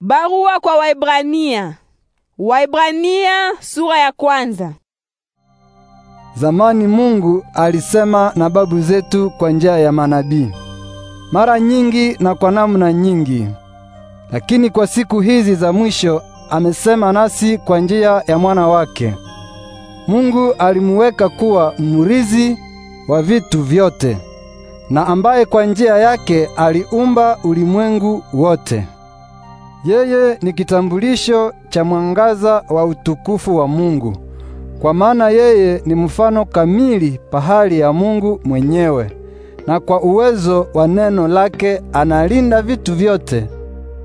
Barua kwa Waebrania. Waebrania sura ya kwanza. Zamani Mungu alisema na babu zetu kwa njia ya manabii. Mara nyingi na kwa namna nyingi. Lakini kwa siku hizi za mwisho amesema nasi kwa njia ya mwana wake. Mungu alimuweka kuwa murizi wa vitu vyote na ambaye kwa njia yake aliumba ulimwengu wote. Yeye ni kitambulisho cha mwangaza wa utukufu wa Mungu, kwa maana yeye ni mfano kamili pahali ya Mungu mwenyewe, na kwa uwezo wa neno lake analinda vitu vyote.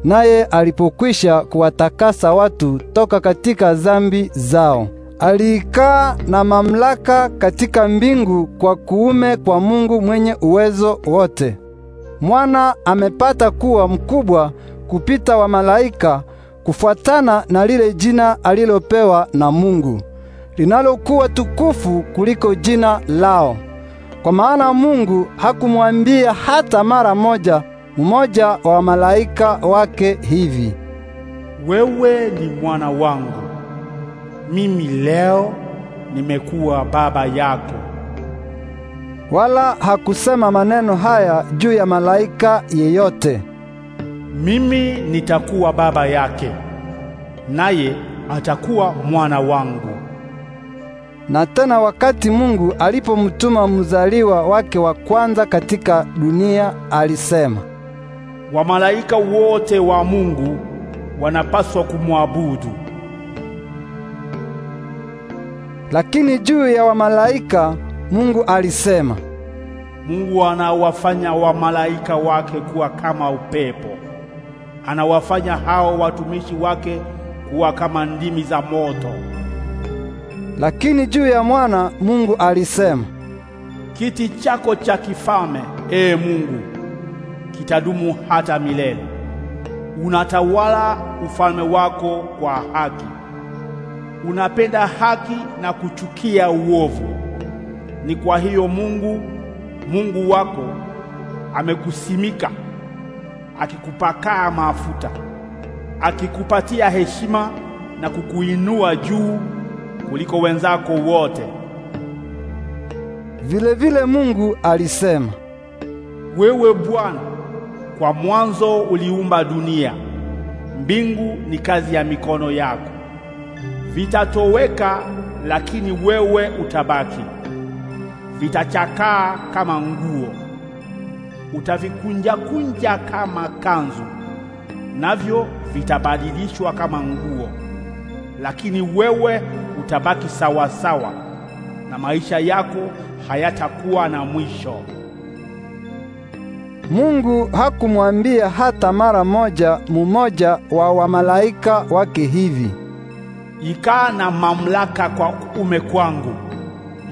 Naye alipokwisha kuwatakasa watu toka katika zambi zao, alikaa na mamlaka katika mbingu kwa kuume kwa Mungu mwenye uwezo wote. Mwana amepata kuwa mkubwa kupita wa malaika kufuatana na lile jina alilopewa na Mungu linalokuwa tukufu kuliko jina lao. Kwa maana Mungu hakumwambia hata mara moja mmoja wa malaika wake hivi: wewe ni mwana wangu, mimi leo nimekuwa baba yako. Wala hakusema maneno haya juu ya malaika yeyote. Mimi nitakuwa baba yake, naye atakuwa mwana wangu. Na tena wakati Mungu alipomtuma mzaliwa wake wa kwanza katika dunia, alisema, wamalaika wote wa Mungu wanapaswa kumwabudu. Lakini juu ya wamalaika Mungu alisema, Mungu anawafanya wamalaika wake kuwa kama upepo anawafanya hao watumishi wake kuwa kama ndimi za moto. Lakini juu ya mwana Mungu alisema, kiti chako cha kifalme, ee Mungu, kitadumu hata milele. Unatawala ufalme wako kwa haki, unapenda haki na kuchukia uovu. Ni kwa hiyo Mungu Mungu wako amekusimika akikupakaa mafuta, akikupatia heshima na kukuinua juu kuliko wenzako wote. Vile vile Mungu alisema, wewe Bwana, kwa mwanzo uliumba dunia. Mbingu ni kazi ya mikono yako. Vitatoweka, lakini wewe utabaki. Vitachakaa kama nguo utavikunja-kunja kama kanzu, navyo vitabadilishwa kama nguo, lakini wewe utabaki sawa sawa, na maisha yako hayatakuwa na mwisho. Mungu hakumwambia hata mara moja mumoja wa wamalaika wake hivi: Ikaa na mamlaka kwa ume kwangu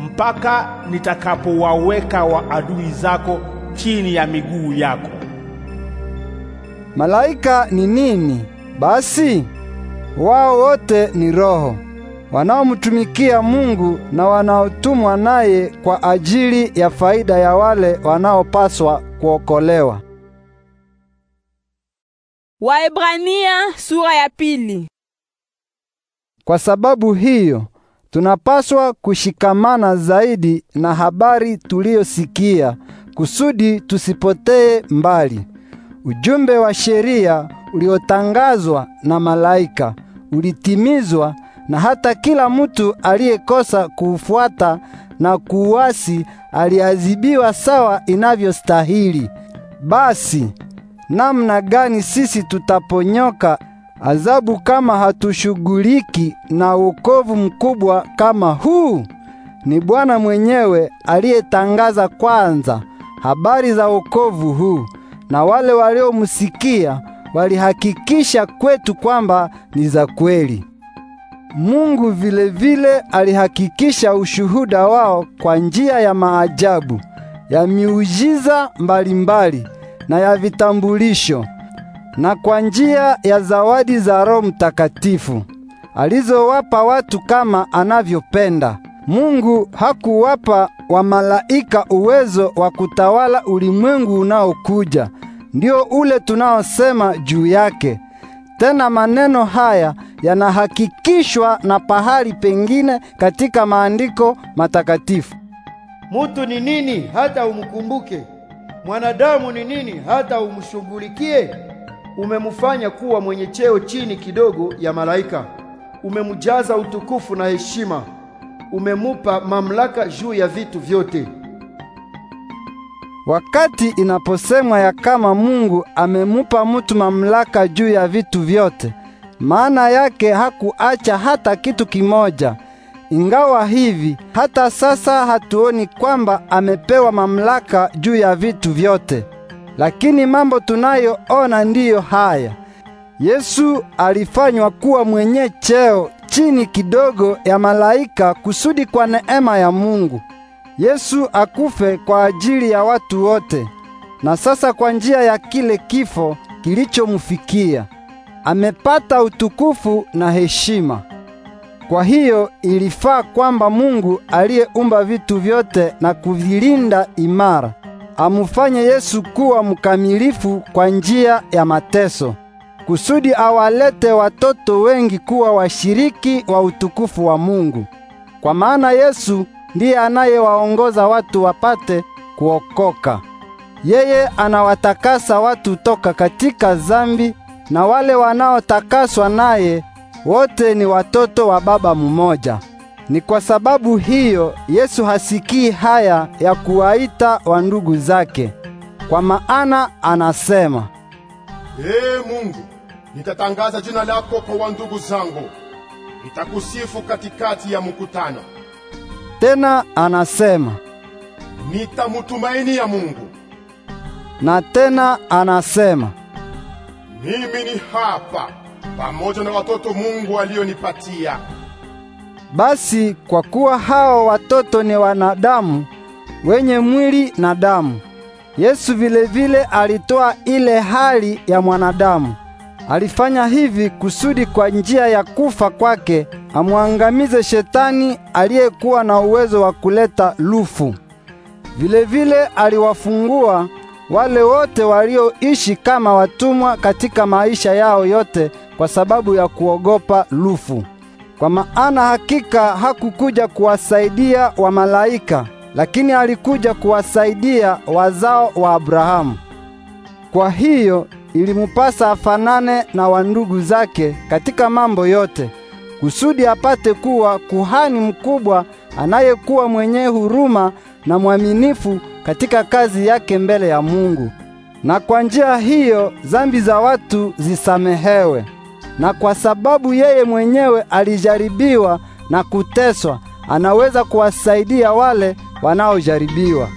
mpaka nitakapowaweka wa adui zako chini ya miguu yako. Malaika ni nini basi? Wao wote ni roho wanaomtumikia Mungu na wanaotumwa naye kwa ajili ya faida ya wale wanaopaswa kuokolewa. Waebrania sura ya pili. Kwa sababu hiyo tunapaswa kushikamana zaidi na habari tuliyosikia kusudi tusipotee mbali. Ujumbe wa sheria uliotangazwa na malaika ulitimizwa na hata kila mtu aliyekosa kuufuata na kuuasi aliadhibiwa sawa inavyostahili. Basi namna gani sisi tutaponyoka adhabu kama hatushughuliki na wokovu mkubwa kama huu? Ni Bwana mwenyewe aliyetangaza kwanza habari za wokovu huu, na wale waliomsikia walihakikisha kwetu kwamba ni za kweli. Mungu vile vile alihakikisha ushuhuda wao kwa njia ya maajabu, ya miujiza mbalimbali na ya vitambulisho na kwa njia ya zawadi za Roho Mtakatifu alizowapa watu kama anavyopenda. Mungu hakuwapa wa malaika uwezo wa kutawala ulimwengu unaokuja, ndio ule tunaosema juu yake. Tena maneno haya yanahakikishwa na pahali pengine katika maandiko matakatifu: mutu ni nini hata umkumbuke? Mwanadamu ni nini hata umshughulikie? Umemufanya kuwa mwenye cheo chini kidogo ya malaika, umemjaza utukufu na heshima umemupa mamlaka juu ya vitu vyote. Wakati inaposemwa ya kama Mungu amemupa mutu mamlaka juu ya vitu vyote, maana yake hakuacha hata kitu kimoja. Ingawa hivi, hata sasa hatuoni kwamba amepewa mamlaka juu ya vitu vyote. Lakini mambo tunayoona ndiyo haya: Yesu alifanywa kuwa mwenye cheo chini kidogo ya malaika kusudi kwa neema ya Mungu Yesu akufe kwa ajili ya watu wote, na sasa kwa njia ya kile kifo kilichomufikia amepata utukufu na heshima. Kwa hiyo ilifaa kwamba Mungu aliyeumba vitu vyote na kuvilinda imara amufanye Yesu kuwa mkamilifu kwa njia ya mateso kusudi awalete watoto wengi kuwa washiriki wa utukufu wa Mungu. Kwa maana Yesu ndiye anayewaongoza watu wapate kuokoka. Yeye anawatakasa watu toka katika zambi, na wale wanaotakaswa naye wote ni watoto wa baba mmoja. Ni kwa sababu hiyo Yesu hasikii haya ya kuwaita wa ndugu zake, kwa maana anasema, Ee Mungu Nitatangaza jina lako kwa wandugu zangu, nitakusifu katikati ya mkutano. Tena anasema nitamutumainia Mungu. Na tena anasema mimi ni hapa pamoja na watoto Mungu alionipatia. Basi kwa kuwa hao watoto ni wanadamu wenye mwili na damu, Yesu vilevile alitoa ile hali ya mwanadamu Alifanya hivi kusudi kwa njia ya kufa kwake amwangamize shetani aliyekuwa na uwezo wa kuleta lufu. Vilevile vile aliwafungua wale wote walioishi kama watumwa katika maisha yao yote kwa sababu ya kuogopa lufu. Kwa maana hakika hakukuja kuwasaidia wa malaika, lakini alikuja kuwasaidia wazao wa Abrahamu. Kwa hiyo ilimupasa afanane na wandugu zake katika mambo yote, kusudi apate kuwa kuhani mkubwa anayekuwa mwenye huruma na mwaminifu katika kazi yake mbele ya Mungu. Na kwa njia hiyo zambi za watu zisamehewe. Na kwa sababu yeye mwenyewe alijaribiwa na kuteswa, anaweza kuwasaidia wale wanaojaribiwa.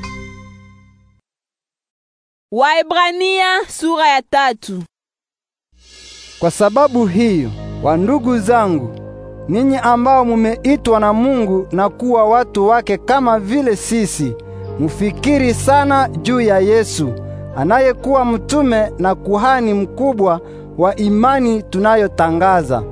Waebrania sura ya tatu. Kwa sababu hiyo, wandugu zangu, ninyi ambao mumeitwa na Mungu na kuwa watu wake kama vile sisi, mufikiri sana juu ya Yesu anayekuwa mtume na kuhani mkubwa wa imani tunayotangaza.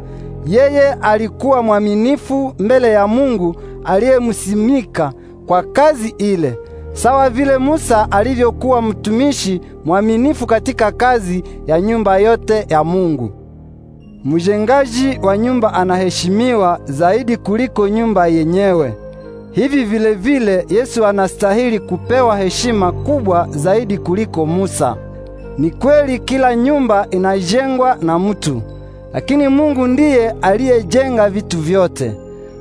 Yeye alikuwa mwaminifu mbele ya Mungu aliyemsimika kwa kazi ile sawa vile Musa alivyokuwa mtumishi mwaminifu katika kazi ya nyumba yote ya Mungu. Mjengaji wa nyumba anaheshimiwa zaidi kuliko nyumba yenyewe. Hivi vile vile Yesu anastahili kupewa heshima kubwa zaidi kuliko Musa. Ni kweli kila nyumba inajengwa na mtu, lakini Mungu ndiye aliyejenga vitu vyote.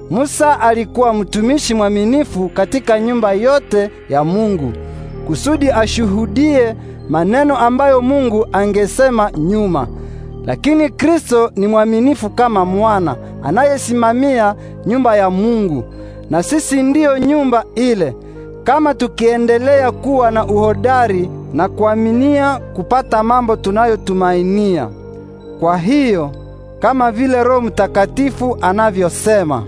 Musa alikuwa mtumishi mwaminifu katika nyumba yote ya Mungu kusudi ashuhudie maneno ambayo Mungu angesema nyuma. Lakini Kristo ni mwaminifu kama mwana anayesimamia nyumba ya Mungu, na sisi ndiyo nyumba ile. Kama tukiendelea kuwa na uhodari na kuaminia kupata mambo tunayotumainia. Kwa hiyo, kama vile Roho Mtakatifu anavyosema,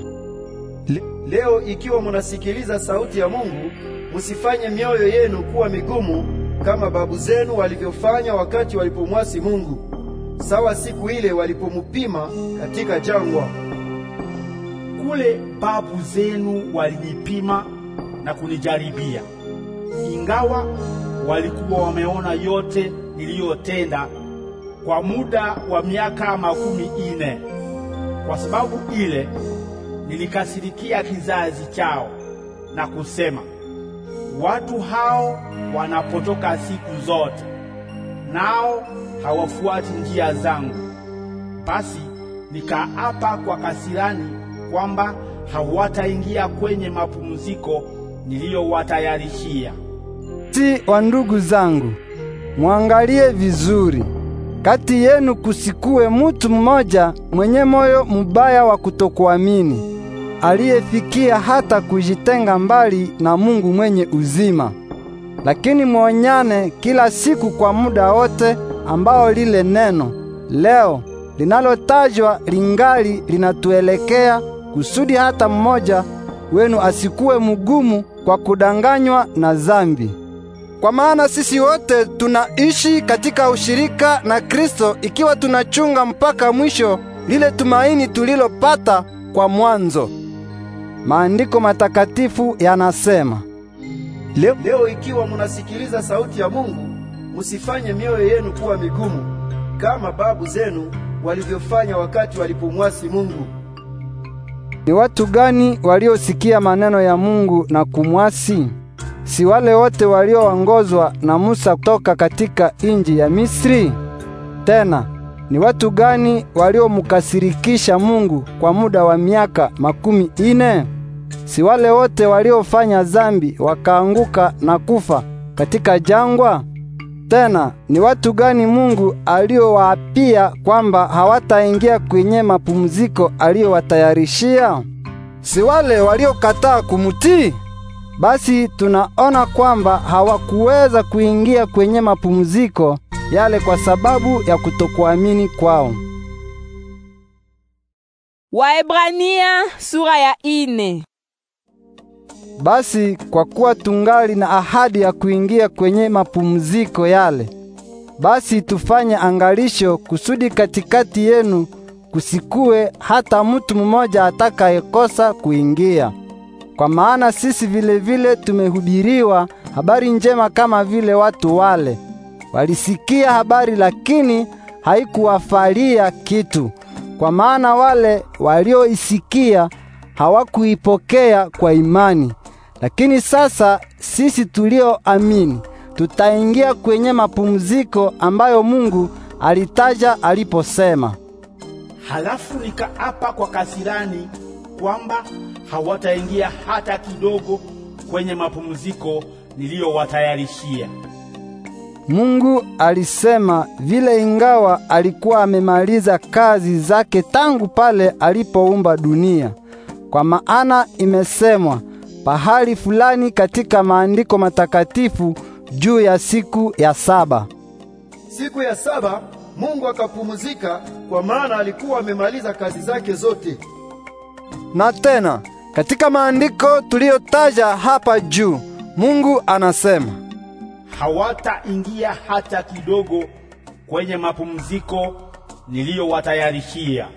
Leo ikiwa munasikiliza sauti ya Mungu, musifanye mioyo yenu kuwa migumu kama babu zenu walivyofanya wakati walipomwasi Mungu, sawa siku ile walipomupima katika jangwa. Kule babu zenu walinipima na kunijaribia, ingawa walikuwa wameona yote niliyotenda kwa muda wa miaka makumi ine. Kwa sababu ile nilikasirikia kizazi chao na kusema, watu hao wanapotoka siku zote, nao hawafuati njia zangu. Basi nikaapa kwa kasirani kwamba hawataingia kwenye mapumziko niliyowatayarishia. si wa ndugu zangu, mwangalie vizuri kati yenu kusikue mutu mmoja mwenye moyo mubaya wa kutokuamini aliyefikia hata kujitenga mbali na Mungu mwenye uzima. Lakini mwonyane kila siku kwa muda wote ambao lile neno leo linalotajwa lingali linatuelekea, kusudi hata mmoja wenu asikuwe mugumu kwa kudanganywa na zambi. Kwa maana sisi wote tunaishi katika ushirika na Kristo ikiwa tunachunga mpaka mwisho lile tumaini tulilopata kwa mwanzo. Maandiko matakatifu yanasema, leo, leo ikiwa munasikiliza sauti ya Mungu, musifanye mioyo yenu kuwa migumu kama babu zenu walivyofanya wakati walipomwasi Mungu. Ni watu gani waliosikia maneno ya Mungu na kumwasi? Si wale wote walioongozwa na Musa toka katika inji ya Misri? Tena ni watu gani waliomkasirikisha Mungu kwa muda wa miaka makumi ine? Si wale wote waliofanya zambi wakaanguka na kufa katika jangwa? Tena ni watu gani Mungu aliowaapia kwamba hawataingia kwenye mapumziko aliyowatayarishia? Si wale waliokataa kumutii? Basi tunaona kwamba hawakuweza kuingia kwenye mapumziko yale kwa sababu ya kutokuamini kwao. Waebrania sura ya ine. Basi kwa kuwa tungali na ahadi ya kuingia kwenye mapumziko yale, basi tufanye angalisho kusudi katikati yenu kusikue hata mtu mmoja atakayekosa kuingia. Kwa maana sisi vilevile vile tumehubiriwa habari njema kama vile watu wale. Walisikia habari lakini haikuwafalia kitu, kwa maana wale walioisikia hawakuipokea kwa imani. Lakini sasa sisi tulioamini tutaingia kwenye mapumziko ambayo Mungu alitaja aliposema, halafu nikaapa kwa kasirani kwamba hawataingia hata kidogo kwenye mapumziko niliyowatayarishia. Mungu alisema vile, ingawa alikuwa amemaliza kazi zake tangu pale alipoumba dunia. Kwa maana imesemwa pahali fulani katika maandiko matakatifu juu ya siku ya saba, siku ya saba Mungu akapumzika, kwa maana alikuwa amemaliza kazi zake zote. Na tena katika maandiko tuliyotaja hapa juu, Mungu anasema hawataingia hata kidogo kwenye mapumziko niliyowatayarishia.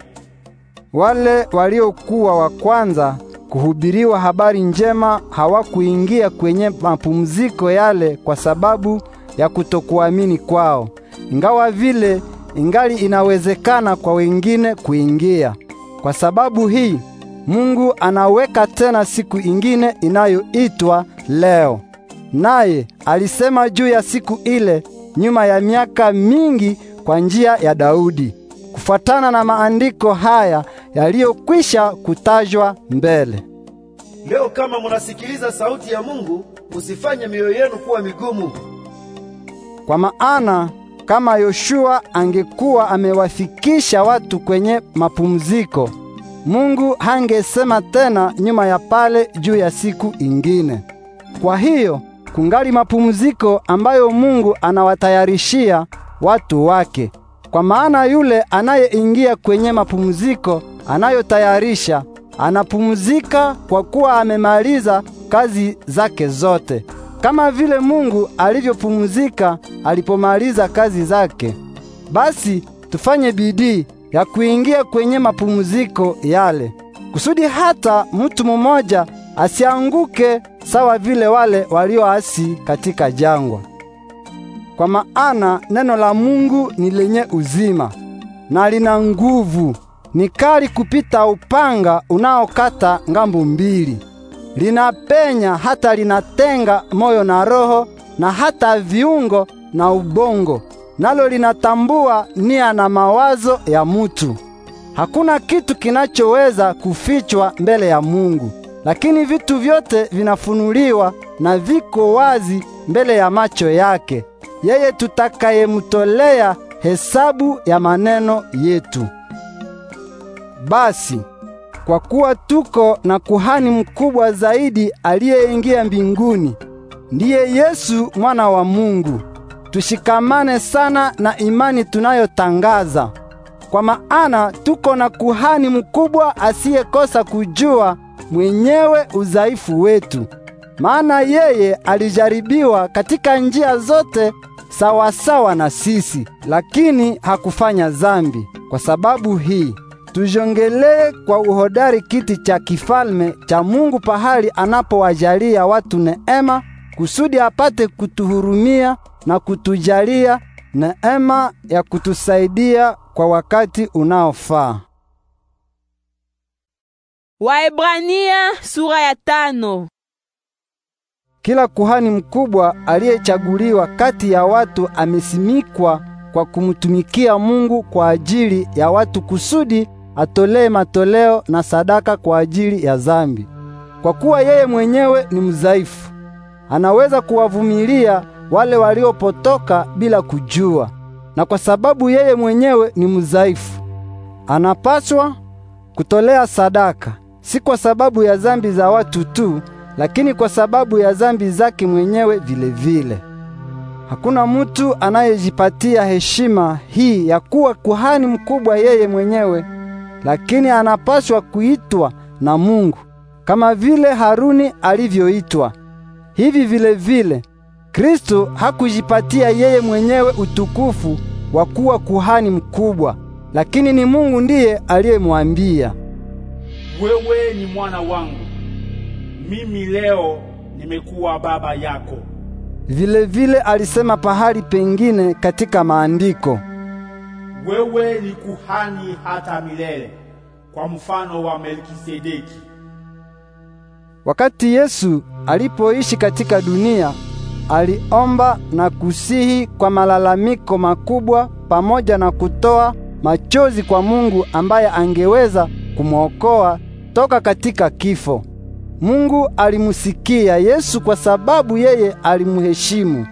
Wale waliokuwa wa kwanza kuhubiriwa habari njema hawakuingia kwenye mapumziko yale kwa sababu ya kutokuamini kwao, ingawa vile ingali inawezekana kwa wengine kuingia. Kwa sababu hii Mungu anaweka tena siku ingine inayoitwa leo Naye alisema juu ya siku ile nyuma ya miaka mingi kwa njia ya Daudi, kufuatana na maandiko haya yaliyokwisha kutajwa mbele. Leo kama munasikiliza sauti ya Mungu, musifanye mioyo yenu kuwa migumu. Kwa maana kama Yoshua angekuwa amewafikisha watu kwenye mapumziko, Mungu hangesema tena nyuma ya pale juu ya siku ingine. Kwa hiyo kungali mapumziko ambayo Mungu anawatayarishia watu wake, kwa maana yule anayeingia kwenye mapumziko anayotayarisha anapumzika kwa kuwa amemaliza kazi zake zote, kama vile Mungu alivyopumzika alipomaliza kazi zake. Basi tufanye bidii ya kuingia kwenye mapumziko yale, kusudi hata mtu mmoja asianguke sawa vile wale walioasi katika jangwa. Kwa maana neno la Mungu ni lenye uzima na lina nguvu, ni kali kupita upanga unaokata ngambu mbili, linapenya hata linatenga moyo na roho na hata viungo na ubongo, nalo linatambua nia na mawazo ya mutu. Hakuna kitu kinachoweza kufichwa mbele ya Mungu lakini vitu vyote vinafunuliwa na viko wazi mbele ya macho yake, yeye tutakayemtolea hesabu ya maneno yetu. Basi kwa kuwa tuko na kuhani mkubwa zaidi aliyeingia mbinguni, ndiye Yesu mwana wa Mungu, tushikamane sana na imani tunayotangaza, kwa maana tuko na kuhani mkubwa asiyekosa kujua mwenyewe udhaifu wetu, maana yeye alijaribiwa katika njia zote sawasawa na sisi, lakini hakufanya dhambi. Kwa sababu hii tujongelee kwa uhodari kiti cha kifalme cha Mungu, pahali anapowajalia watu neema, kusudi apate kutuhurumia na kutujalia neema ya kutusaidia kwa wakati unaofaa. Waebrania sura ya tano. Kila kuhani mkubwa aliyechaguliwa kati ya watu amesimikwa kwa kumtumikia Mungu kwa ajili ya watu kusudi atolee matoleo na sadaka kwa ajili ya zambi. Kwa kuwa yeye mwenyewe ni mzaifu, anaweza kuwavumilia wale waliopotoka bila kujua. Na kwa sababu yeye mwenyewe ni mzaifu, anapaswa kutolea sadaka si kwa sababu ya zambi za watu tu, lakini kwa sababu ya zambi zake mwenyewe vilevile vile. Hakuna mutu anayejipatia heshima hii ya kuwa kuhani mkubwa yeye mwenyewe, lakini anapaswa kuitwa na Mungu kama vile Haruni alivyoitwa. Hivi vile vile Kristo hakujipatia yeye mwenyewe utukufu wa kuwa kuhani mkubwa, lakini ni Mungu ndiye aliyemwambia wewe ni mwana wangu, mimi leo nimekuwa baba yako. Vilevile vile alisema pahali pengine katika maandiko, wewe ni kuhani hata milele, kwa mfano wa Melkisedeki. Wakati Yesu alipoishi katika dunia, aliomba na kusihi kwa malalamiko makubwa pamoja na kutoa machozi kwa Mungu ambaye angeweza kumwokoa kutoka katika kifo. Mungu alimusikia Yesu kwa sababu yeye alimheshimu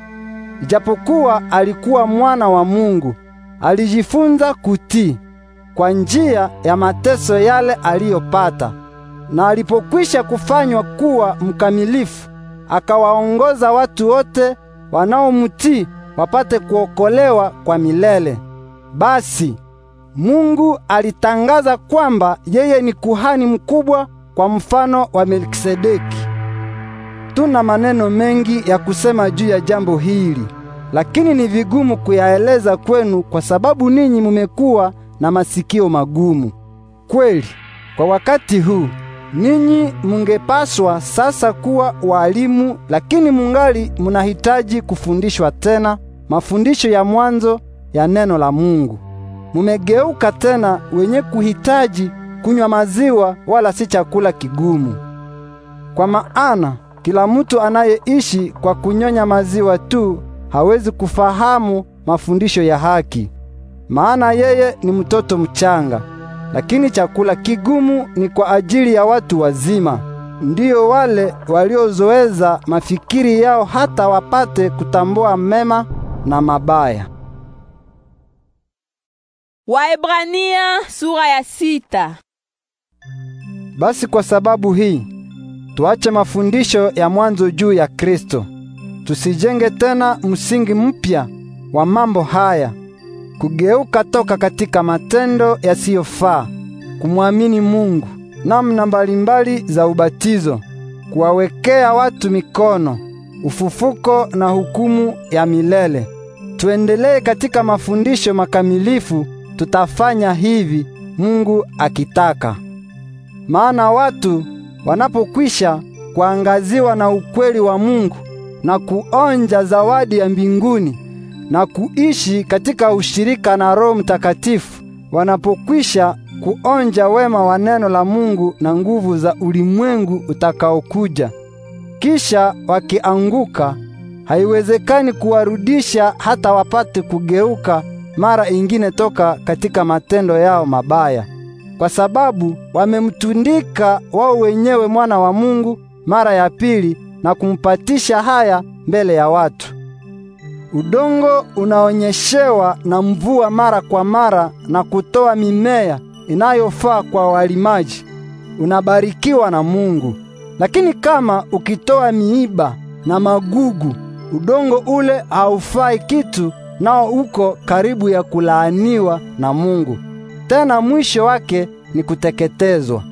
Ijapokuwa alikuwa mwana wa Mungu, alijifunza kutii kwa njia ya mateso yale aliyopata. Na alipokwisha kufanywa kuwa mkamilifu, akawaongoza watu wote wanaomtii wapate kuokolewa kwa milele. Basi Mungu alitangaza kwamba yeye ni kuhani mkubwa kwa mfano wa Melkisedeki. Tuna maneno mengi ya kusema juu ya jambo hili, lakini ni vigumu kuyaeleza kwenu kwa sababu ninyi mumekuwa na masikio magumu. Kweli, kwa wakati huu ninyi mungepaswa sasa kuwa walimu, lakini mungali munahitaji kufundishwa tena mafundisho ya mwanzo ya neno la Mungu mumegeuka tena wenye kuhitaji kunywa maziwa wala si chakula kigumu. Kwa maana kila mtu anayeishi kwa kunyonya maziwa tu hawezi kufahamu mafundisho ya haki, maana yeye ni mtoto mchanga. Lakini chakula kigumu ni kwa ajili ya watu wazima, ndiyo wale waliozoeza mafikiri yao hata wapate kutambua mema na mabaya. Waebrania sura ya sita. Basi kwa sababu hii tuache mafundisho ya mwanzo juu ya Kristo, tusijenge tena msingi mpya wa mambo haya, kugeuka toka katika matendo yasiyofaa, kumwamini Mungu, namna mbalimbali za ubatizo, kuwawekea watu mikono, ufufuko na hukumu ya milele. Tuendelee katika mafundisho makamilifu tutafanya hivi Mungu akitaka. Maana watu wanapokwisha kuangaziwa na ukweli wa Mungu na kuonja zawadi ya mbinguni na kuishi katika ushirika na Roho Mtakatifu, wanapokwisha kuonja wema wa neno la Mungu na nguvu za ulimwengu utakaokuja, kisha wakianguka, haiwezekani kuwarudisha hata wapate kugeuka mara ingine toka katika matendo yao mabaya, kwa sababu wamemtundika wao wenyewe mwana wa Mungu mara ya pili na kumpatisha haya mbele ya watu. Udongo unaonyeshewa na mvua mara kwa mara na kutoa mimea inayofaa kwa walimaji, unabarikiwa na Mungu. Lakini kama ukitoa miiba na magugu, udongo ule haufai kitu nao uko karibu ya kulaaniwa na Mungu, tena mwisho wake ni kuteketezwa.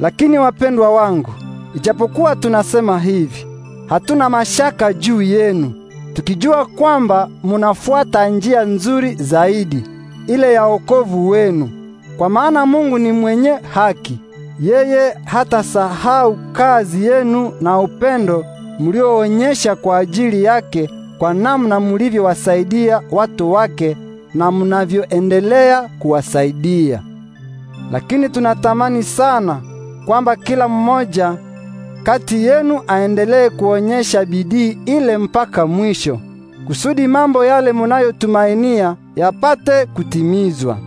Lakini wapendwa wangu, ijapokuwa tunasema hivi, hatuna mashaka juu yenu, tukijua kwamba munafuata njia nzuri zaidi ile ya wokovu wenu, kwa maana Mungu ni mwenye haki. Yeye hatasahau kazi yenu na upendo mlioonyesha kwa ajili yake kwa namna mulivyowasaidia watu wake na mnavyoendelea kuwasaidia. Lakini tunatamani sana kwamba kila mmoja kati yenu aendelee kuonyesha bidii ile mpaka mwisho, kusudi mambo yale munayotumainia yapate kutimizwa.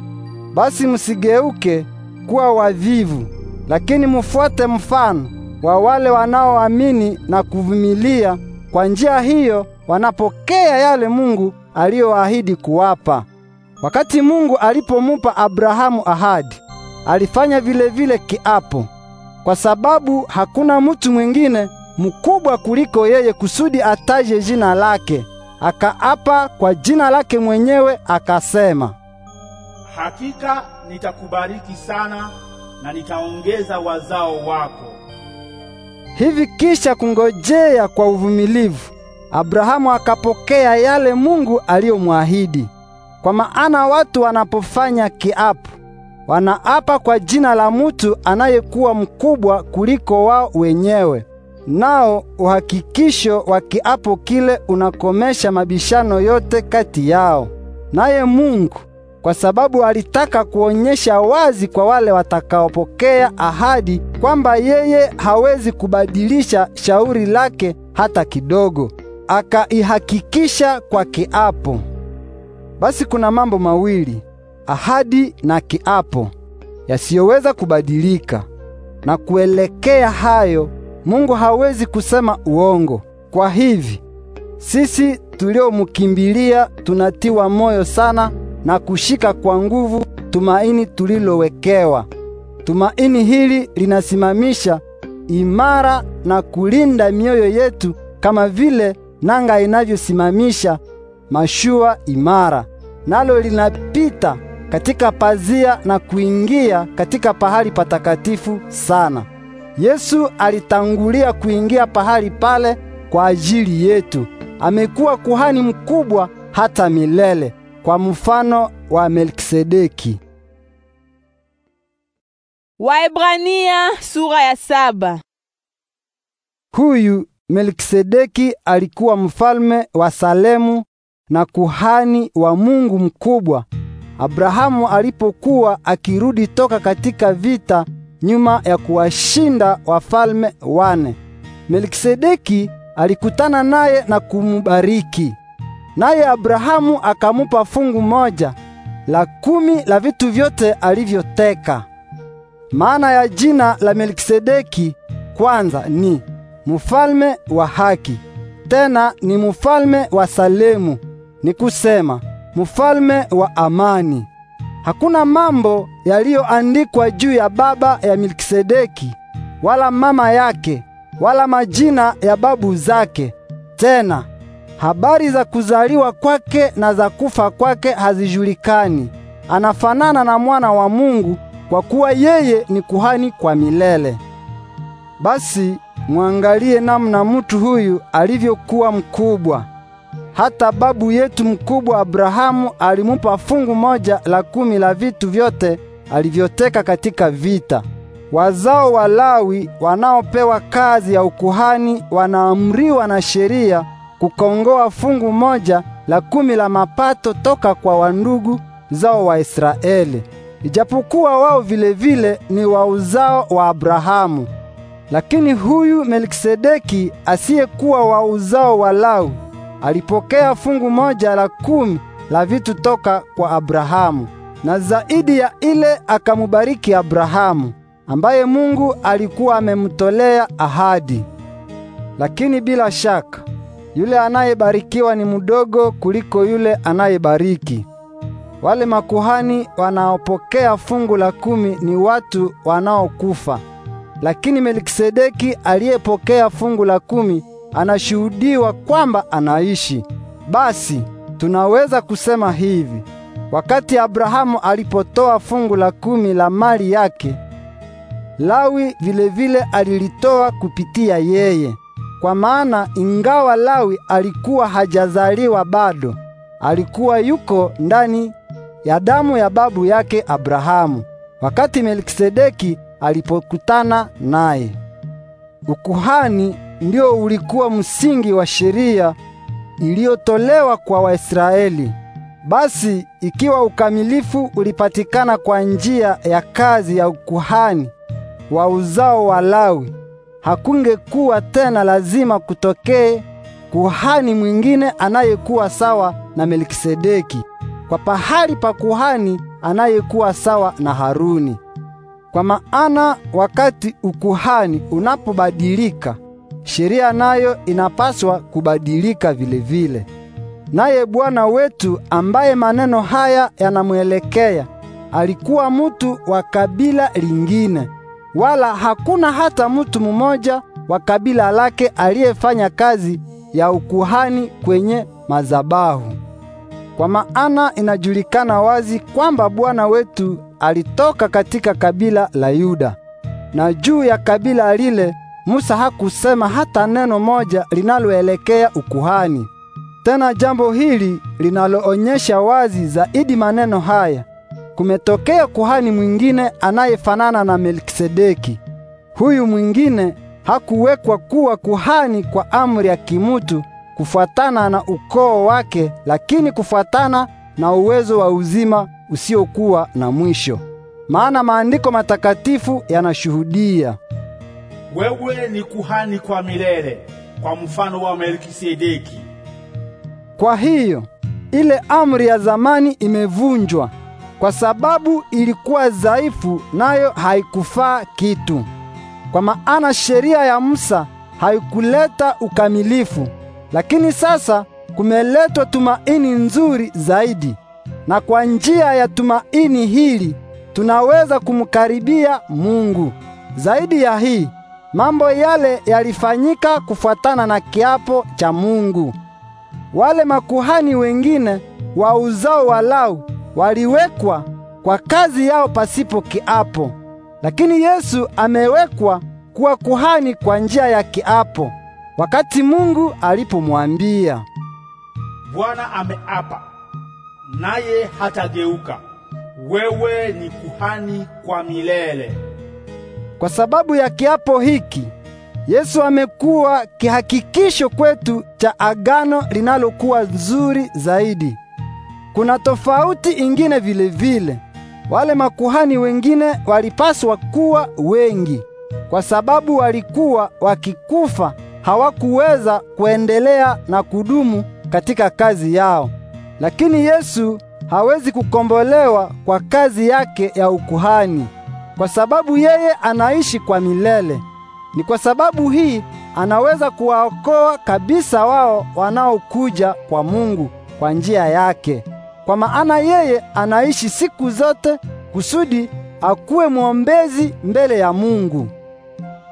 Basi musigeuke kuwa wavivu, lakini mufuate mfano wa wale wanaoamini na kuvumilia kwa njia hiyo wanapokea yale Mungu aliyoahidi kuwapa. Wakati Mungu alipomupa Abrahamu ahadi, alifanya vile vile kiapo, kwa sababu hakuna mtu mwingine mkubwa kuliko yeye kusudi ataje jina lake. Akaapa kwa jina lake mwenyewe akasema, hakika nitakubariki sana na nitaongeza wazao wako Hivi kisha kungojea kwa uvumilivu, Abrahamu akapokea yale Mungu aliyomwahidi. Kwa maana watu wanapofanya kiapo, wanaapa kwa jina la mtu anayekuwa mkubwa kuliko wao wenyewe. Nao uhakikisho wa kiapo kile unakomesha mabishano yote kati yao. Naye Mungu kwa sababu alitaka kuonyesha wazi kwa wale watakaopokea ahadi kwamba yeye hawezi kubadilisha shauri lake hata kidogo. Akaihakikisha kwa kiapo. Basi kuna mambo mawili, ahadi na kiapo, yasiyoweza kubadilika. Na kuelekea hayo, Mungu hawezi kusema uongo. Kwa hivi, sisi tuliomkimbilia tunatiwa moyo sana na kushika kwa nguvu tumaini tulilowekewa. Tumaini hili linasimamisha imara na kulinda mioyo yetu kama vile nanga inavyosimamisha mashua imara, nalo linapita katika pazia na kuingia katika pahali patakatifu sana. Yesu alitangulia kuingia pahali pale kwa ajili yetu. Amekuwa kuhani mkubwa hata milele kwa mfano wa Melkisedeki. Waebrania sura ya saba. Huyu Melkisedeki alikuwa mfalme wa Salemu na kuhani wa Mungu mkubwa. Abrahamu alipokuwa akirudi toka katika vita nyuma ya kuwashinda wafalme wane, Melkisedeki alikutana naye na kumubariki. Naye Abrahamu akamupa fungu moja la kumi la vitu vyote alivyoteka. Maana ya jina la Melkisedeki kwanza ni mfalme wa haki, tena ni mfalme wa Salemu, ni kusema mfalme wa amani. Hakuna mambo yaliyoandikwa juu ya baba ya Melkisedeki wala mama yake wala majina ya babu zake tena Habari za kuzaliwa kwake na za kufa kwake hazijulikani. Anafanana na mwana wa Mungu kwa kuwa yeye ni kuhani kwa milele. Basi mwangalie namna mtu huyu alivyokuwa mkubwa. Hata babu yetu mkubwa Abrahamu alimupa fungu moja la kumi la vitu vyote alivyoteka katika vita. Wazao wa Lawi wanaopewa kazi ya ukuhani wanaamriwa na sheria kukongoa fungu moja la kumi la mapato toka kwa wandugu zao wa Israeli, ijapokuwa wao vilevile vile ni wa uzao wa Abrahamu. Lakini huyu Melkisedeki asiyekuwa wa uzao wa Lawi alipokea fungu moja la kumi la vitu toka kwa Abrahamu, na zaidi ya ile akamubariki Abrahamu ambaye Mungu alikuwa amemtolea ahadi. Lakini bila shaka yule anayebarikiwa ni mdogo kuliko yule anayebariki. Wale makuhani wanaopokea fungu la kumi ni watu wanaokufa, lakini Melikisedeki aliyepokea fungu la kumi anashuhudiwa kwamba anaishi. Basi tunaweza kusema hivi: wakati Abrahamu alipotoa fungu la kumi la mali yake, Lawi vilevile vile alilitoa kupitia yeye. Kwa maana ingawa Lawi alikuwa hajazaliwa bado, alikuwa yuko ndani ya damu ya babu yake Abrahamu wakati Melkisedeki alipokutana naye. Ukuhani ndio ulikuwa msingi wa sheria iliyotolewa kwa Waisraeli. Basi ikiwa ukamilifu ulipatikana kwa njia ya kazi ya ukuhani wa uzao wa Lawi, hakungekuwa tena lazima kutokee kuhani mwingine anayekuwa sawa na Melkisedeki kwa pahali pa kuhani anayekuwa sawa na Haruni. Kwa maana wakati ukuhani unapobadilika, sheria nayo inapaswa kubadilika vilevile vile. Naye Bwana wetu ambaye maneno haya yanamwelekea alikuwa mutu wa kabila lingine wala hakuna hata mtu mmoja wa kabila lake aliyefanya kazi ya ukuhani kwenye mazabahu. Kwa maana inajulikana wazi kwamba Bwana wetu alitoka katika kabila la Yuda, na juu ya kabila lile Musa hakusema hata neno moja linaloelekea ukuhani. Tena jambo hili linaloonyesha wazi zaidi maneno haya kumetokea kuhani mwingine anayefanana na Melkisedeki. Huyu mwingine hakuwekwa kuwa kuhani kwa amri ya kimutu kufuatana na ukoo wake, lakini kufuatana na uwezo wa uzima usiokuwa na mwisho. Maana maandiko matakatifu yanashuhudia, wewe ni kuhani kwa milele kwa mfano wa Melkisedeki. Kwa hiyo ile amri ya zamani imevunjwa kwa sababu ilikuwa dhaifu, nayo haikufaa kitu, kwa maana sheria ya Musa haikuleta ukamilifu. Lakini sasa kumeletwa tumaini nzuri zaidi, na kwa njia ya tumaini hili tunaweza kumkaribia Mungu. Zaidi ya hii, mambo yale yalifanyika kufuatana na kiapo cha Mungu. Wale makuhani wengine wa uzao wa Lawi waliwekwa kwa kazi yao pasipo kiapo, lakini Yesu amewekwa kuwa kuhani kwa njia ya kiapo, wakati Mungu alipomwambia, Bwana ameapa naye hatageuka, wewe ni kuhani kwa milele. Kwa sababu ya kiapo hiki, Yesu amekuwa kihakikisho kwetu cha agano linalokuwa nzuri zaidi. Kuna tofauti ingine vile vile. Wale makuhani wengine walipaswa kuwa wengi kwa sababu walikuwa wakikufa hawakuweza kuendelea na kudumu katika kazi yao. Lakini Yesu hawezi kukombolewa kwa kazi yake ya ukuhani kwa sababu yeye anaishi kwa milele. Ni kwa sababu hii anaweza kuwaokoa kabisa wao wanaokuja kwa Mungu kwa njia yake kwa maana yeye anaishi siku zote kusudi akuwe mwombezi mbele ya Mungu.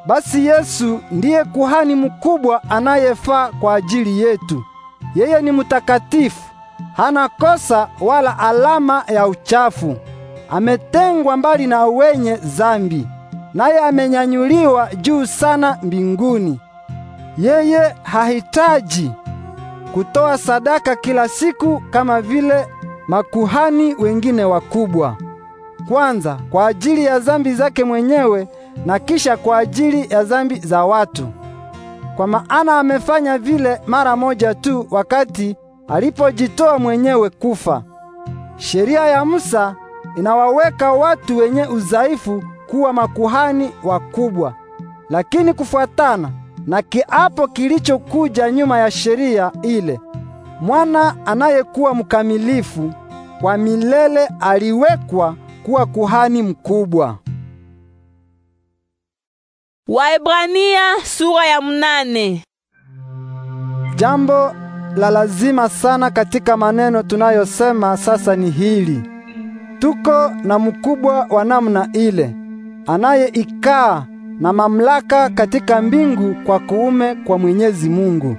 Basi Yesu ndiye kuhani mkubwa anayefaa kwa ajili yetu. Yeye ni mtakatifu, hana kosa wala alama ya uchafu. Ametengwa mbali na wenye zambi, naye amenyanyuliwa juu sana mbinguni. Yeye hahitaji kutoa sadaka kila siku kama vile makuhani wengine wakubwa, kwanza kwa ajili ya dhambi zake mwenyewe na kisha kwa ajili ya zambi za watu, kwa maana amefanya vile mara moja tu wakati alipojitoa mwenyewe kufa. Sheria ya Musa inawaweka watu wenye udhaifu kuwa makuhani wakubwa, lakini kufuatana na kiapo kilichokuja nyuma ya sheria ile, mwana anayekuwa mkamilifu kwa milele aliwekwa kuwa kuhani mkubwa. Waebrania sura ya mnane. Jambo la lazima sana katika maneno tunayosema sasa ni hili: tuko na mkubwa wa namna ile anayeikaa na mamlaka katika mbingu kwa kuume kwa Mwenyezi Mungu.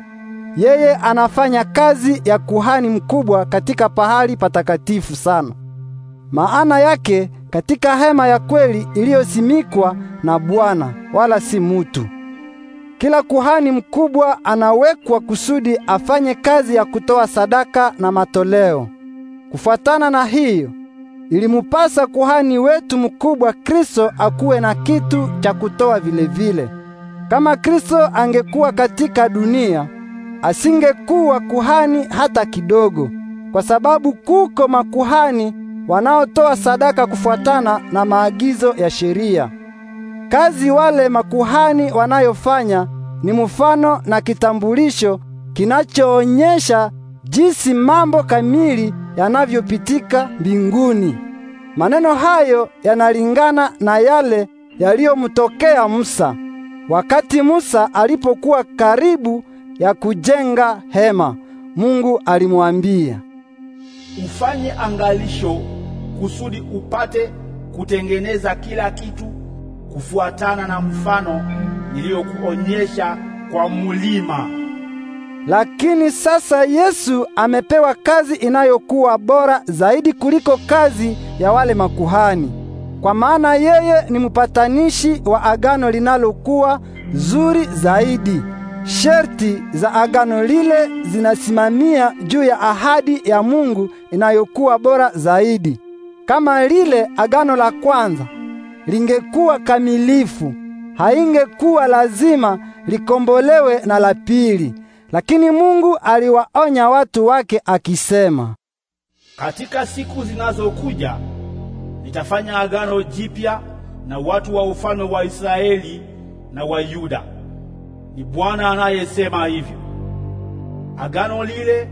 Yeye anafanya kazi ya kuhani mkubwa katika pahali patakatifu sana. Maana yake katika hema ya kweli iliyosimikwa na Bwana, wala si mutu. Kila kuhani mkubwa anawekwa kusudi afanye kazi ya kutoa sadaka na matoleo. Kufuatana na hiyo, ilimupasa kuhani wetu mkubwa Kristo akuwe na kitu cha kutoa vilevile. Kama Kristo angekuwa katika dunia asingekuwa kuhani hata kidogo, kwa sababu kuko makuhani wanaotoa sadaka kufuatana na maagizo ya sheria. Kazi wale makuhani wanayofanya ni mfano na kitambulisho kinachoonyesha jinsi mambo kamili yanavyopitika mbinguni. Maneno hayo yanalingana na yale yaliyomtokea Musa. Wakati Musa alipokuwa karibu ya kujenga hema, Mungu alimwambia, ufanye angalisho kusudi upate kutengeneza kila kitu kufuatana na mfano niliyokuonyesha kwa mulima. Lakini sasa Yesu amepewa kazi inayokuwa bora zaidi kuliko kazi ya wale makuhani, kwa maana yeye ni mpatanishi wa agano linalokuwa zuri zaidi. Sherti za agano lile zinasimamia juu ya ahadi ya Mungu inayokuwa bora zaidi. Kama lile agano la kwanza lingekuwa kamilifu, haingekuwa lazima likombolewe na la pili. Lakini Mungu aliwaonya watu wake akisema, katika siku zinazokuja nitafanya agano jipya na watu wa ufalme wa Israeli na wa Yuda ni Bwana anayesema hivyo. Agano lile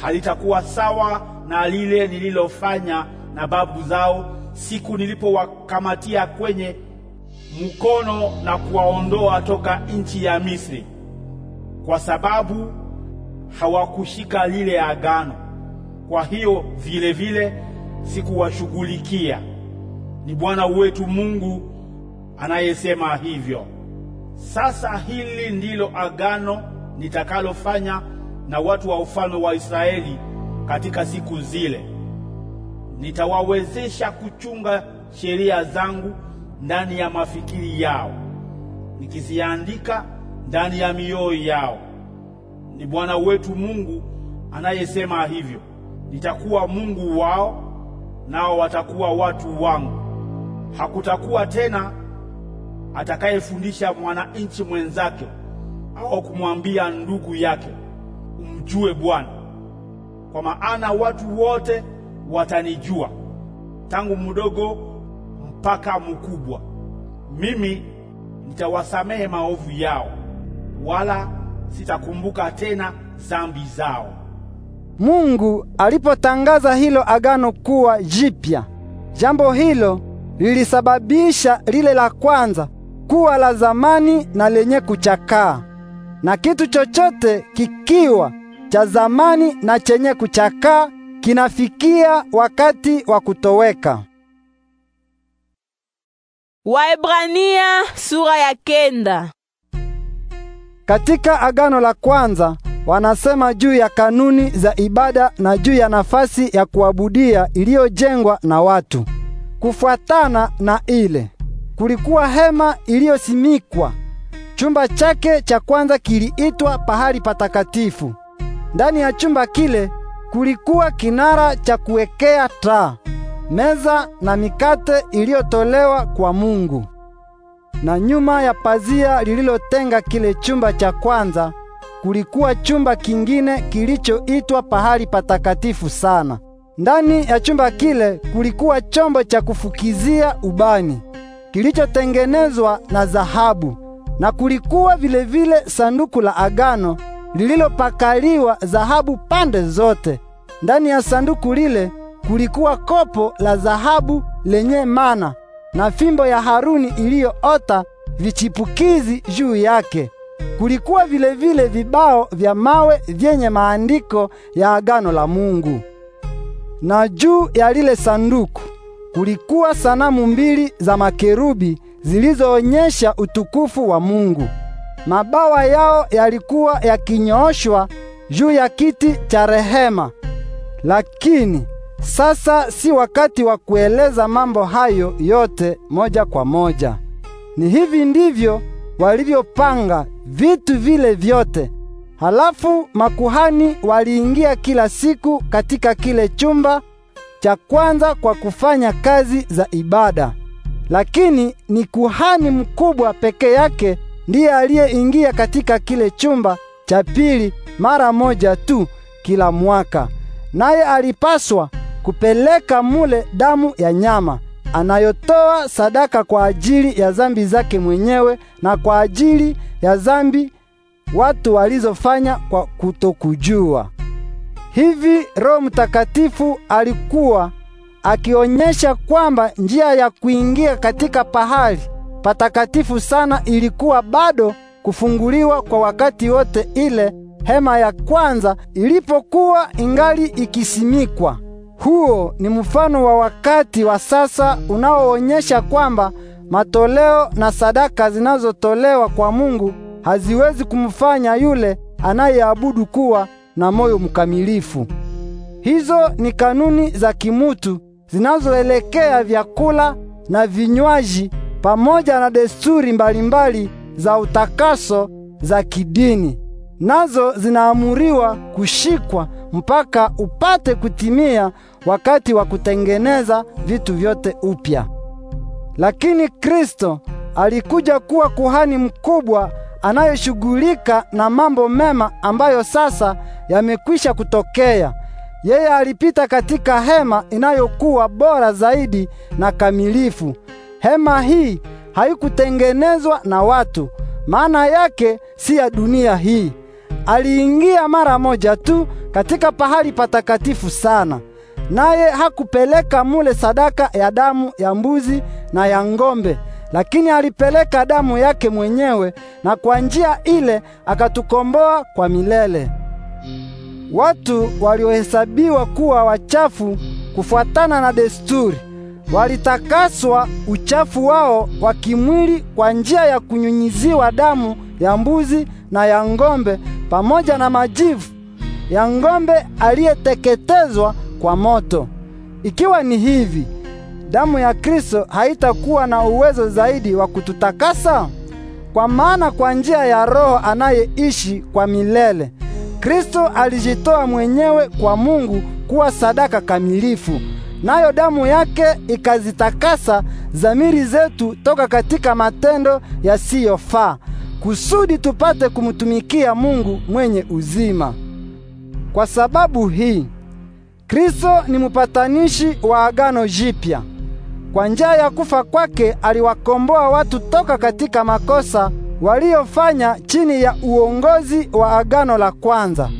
halitakuwa sawa na lile nililofanya na babu zao siku nilipowakamatia kwenye mkono na kuwaondoa toka nchi ya Misri, kwa sababu hawakushika lile agano. Kwa hiyo vile vile sikuwashughulikia. Ni Bwana wetu Mungu anayesema hivyo. Sasa hili ndilo agano nitakalofanya na watu wa ufalme wa Israeli katika siku zile, nitawawezesha kuchunga sheria zangu ndani ya mafikiri yao, nikiziandika ndani ya mioyo yao. Ni Bwana wetu Mungu anayesema hivyo. Nitakuwa Mungu wao, nao watakuwa watu wangu. Hakutakuwa tena atakayefundisha mwananchi mwenzake au kumwambia ndugu yake, umjue Bwana, kwa maana watu wote watanijua, tangu mdogo mpaka mkubwa. Mimi nitawasamehe maovu yao, wala sitakumbuka tena zambi zao. Mungu alipotangaza hilo agano kuwa jipya, jambo hilo lilisababisha lile la kwanza kuwa la zamani na lenye kuchakaa, na kitu chochote kikiwa cha zamani na chenye kuchakaa kinafikia wakati wa kutoweka. Waebrania sura ya kenda. Katika agano la kwanza wanasema juu ya kanuni za ibada na juu ya nafasi ya kuabudia iliyojengwa na watu kufuatana na ile kulikuwa hema iliyosimikwa. Chumba chake cha kwanza kiliitwa pahali patakatifu. Ndani ya chumba kile kulikuwa kinara cha kuwekea taa, meza na mikate iliyotolewa kwa Mungu. Na nyuma ya pazia lililotenga kile chumba cha kwanza kulikuwa chumba kingine kilichoitwa pahali patakatifu sana. Ndani ya chumba kile kulikuwa chombo cha kufukizia ubani kilichotengenezwa na dhahabu, na kulikuwa vilevile vile sanduku la agano lililopakaliwa dhahabu pande zote. Ndani ya sanduku lile kulikuwa kopo la dhahabu lenye mana na fimbo ya Haruni iliyoota vichipukizi juu yake. Kulikuwa vilevile vile vibao vya mawe vyenye maandiko ya agano la Mungu. Na juu ya lile sanduku kulikuwa sanamu mbili za makerubi zilizoonyesha utukufu wa Mungu. Mabawa yao yalikuwa yakinyooshwa juu ya kiti cha rehema. Lakini sasa si wakati wa kueleza mambo hayo yote moja kwa moja. Ni hivi ndivyo walivyopanga vitu vile vyote. Halafu makuhani waliingia kila siku katika kile chumba cha kwanza kwa kufanya kazi za ibada, lakini ni kuhani mkubwa peke yake ndiye aliyeingia katika kile chumba cha pili mara moja tu kila mwaka, naye alipaswa kupeleka mule damu ya nyama anayotoa sadaka kwa ajili ya zambi zake mwenyewe na kwa ajili ya zambi watu walizofanya kwa kutokujua. Hivi Roho Mtakatifu alikuwa akionyesha kwamba njia ya kuingia katika pahali patakatifu sana ilikuwa bado kufunguliwa kwa wakati wote ile hema ya kwanza ilipokuwa ingali ikisimikwa. Huo ni mfano wa wakati wa sasa unaoonyesha kwamba matoleo na sadaka zinazotolewa kwa Mungu haziwezi kumfanya yule anayeabudu kuwa na moyo mkamilifu. Hizo ni kanuni za kimutu zinazoelekea vyakula na vinywaji pamoja na desturi mbalimbali za utakaso za kidini. Nazo zinaamuriwa kushikwa mpaka upate kutimia wakati wa kutengeneza vitu vyote upya. Lakini Kristo alikuja kuwa kuhani mkubwa anayeshughulika na mambo mema ambayo sasa yamekwisha kutokea. Yeye alipita katika hema inayokuwa bora zaidi na kamilifu. Hema hii haikutengenezwa na watu, maana yake si ya dunia hii. Aliingia mara moja tu katika pahali patakatifu sana, naye hakupeleka mule sadaka ya damu ya mbuzi na ya ng'ombe, lakini alipeleka damu yake mwenyewe, na kwa njia ile akatukomboa kwa milele. Watu waliohesabiwa kuwa wachafu kufuatana na desturi walitakaswa uchafu wao wa kimwili kwa njia ya kunyunyiziwa damu ya mbuzi na ya ng'ombe pamoja na majivu ya ng'ombe aliyeteketezwa kwa moto. Ikiwa ni hivi, damu ya Kristo haitakuwa na uwezo zaidi wa kututakasa? Kwa maana kwa njia ya Roho anayeishi kwa milele Kristo alijitoa mwenyewe kwa Mungu kuwa sadaka kamilifu, nayo damu yake ikazitakasa zamiri zetu toka katika matendo yasiyofaa, kusudi tupate kumtumikia Mungu mwenye uzima. Kwa sababu hii Kristo ni mupatanishi wa agano jipya. Kwa njia ya kufa kwake aliwakomboa watu toka katika makosa waliofanya chini ya uongozi wa agano la kwanza,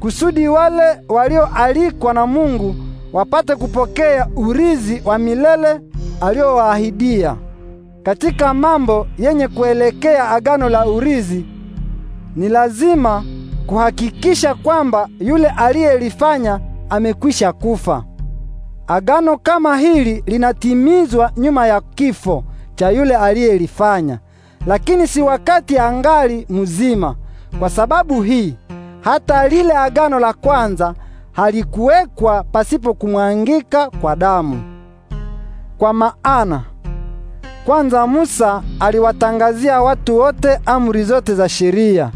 kusudi wale walioalikwa na Mungu wapate kupokea urizi wa milele aliyowaahidia. Katika mambo yenye kuelekea agano la urizi, ni lazima kuhakikisha kwamba yule aliyelifanya amekwisha kufa. Agano kama hili linatimizwa nyuma ya kifo cha yule aliyelifanya lakini si wakati angali mzima. Kwa sababu hii hata lile agano la kwanza halikuwekwa pasipo kumwangika kwa damu. Kwa maana kwanza Musa aliwatangazia watu wote amri zote za sheria,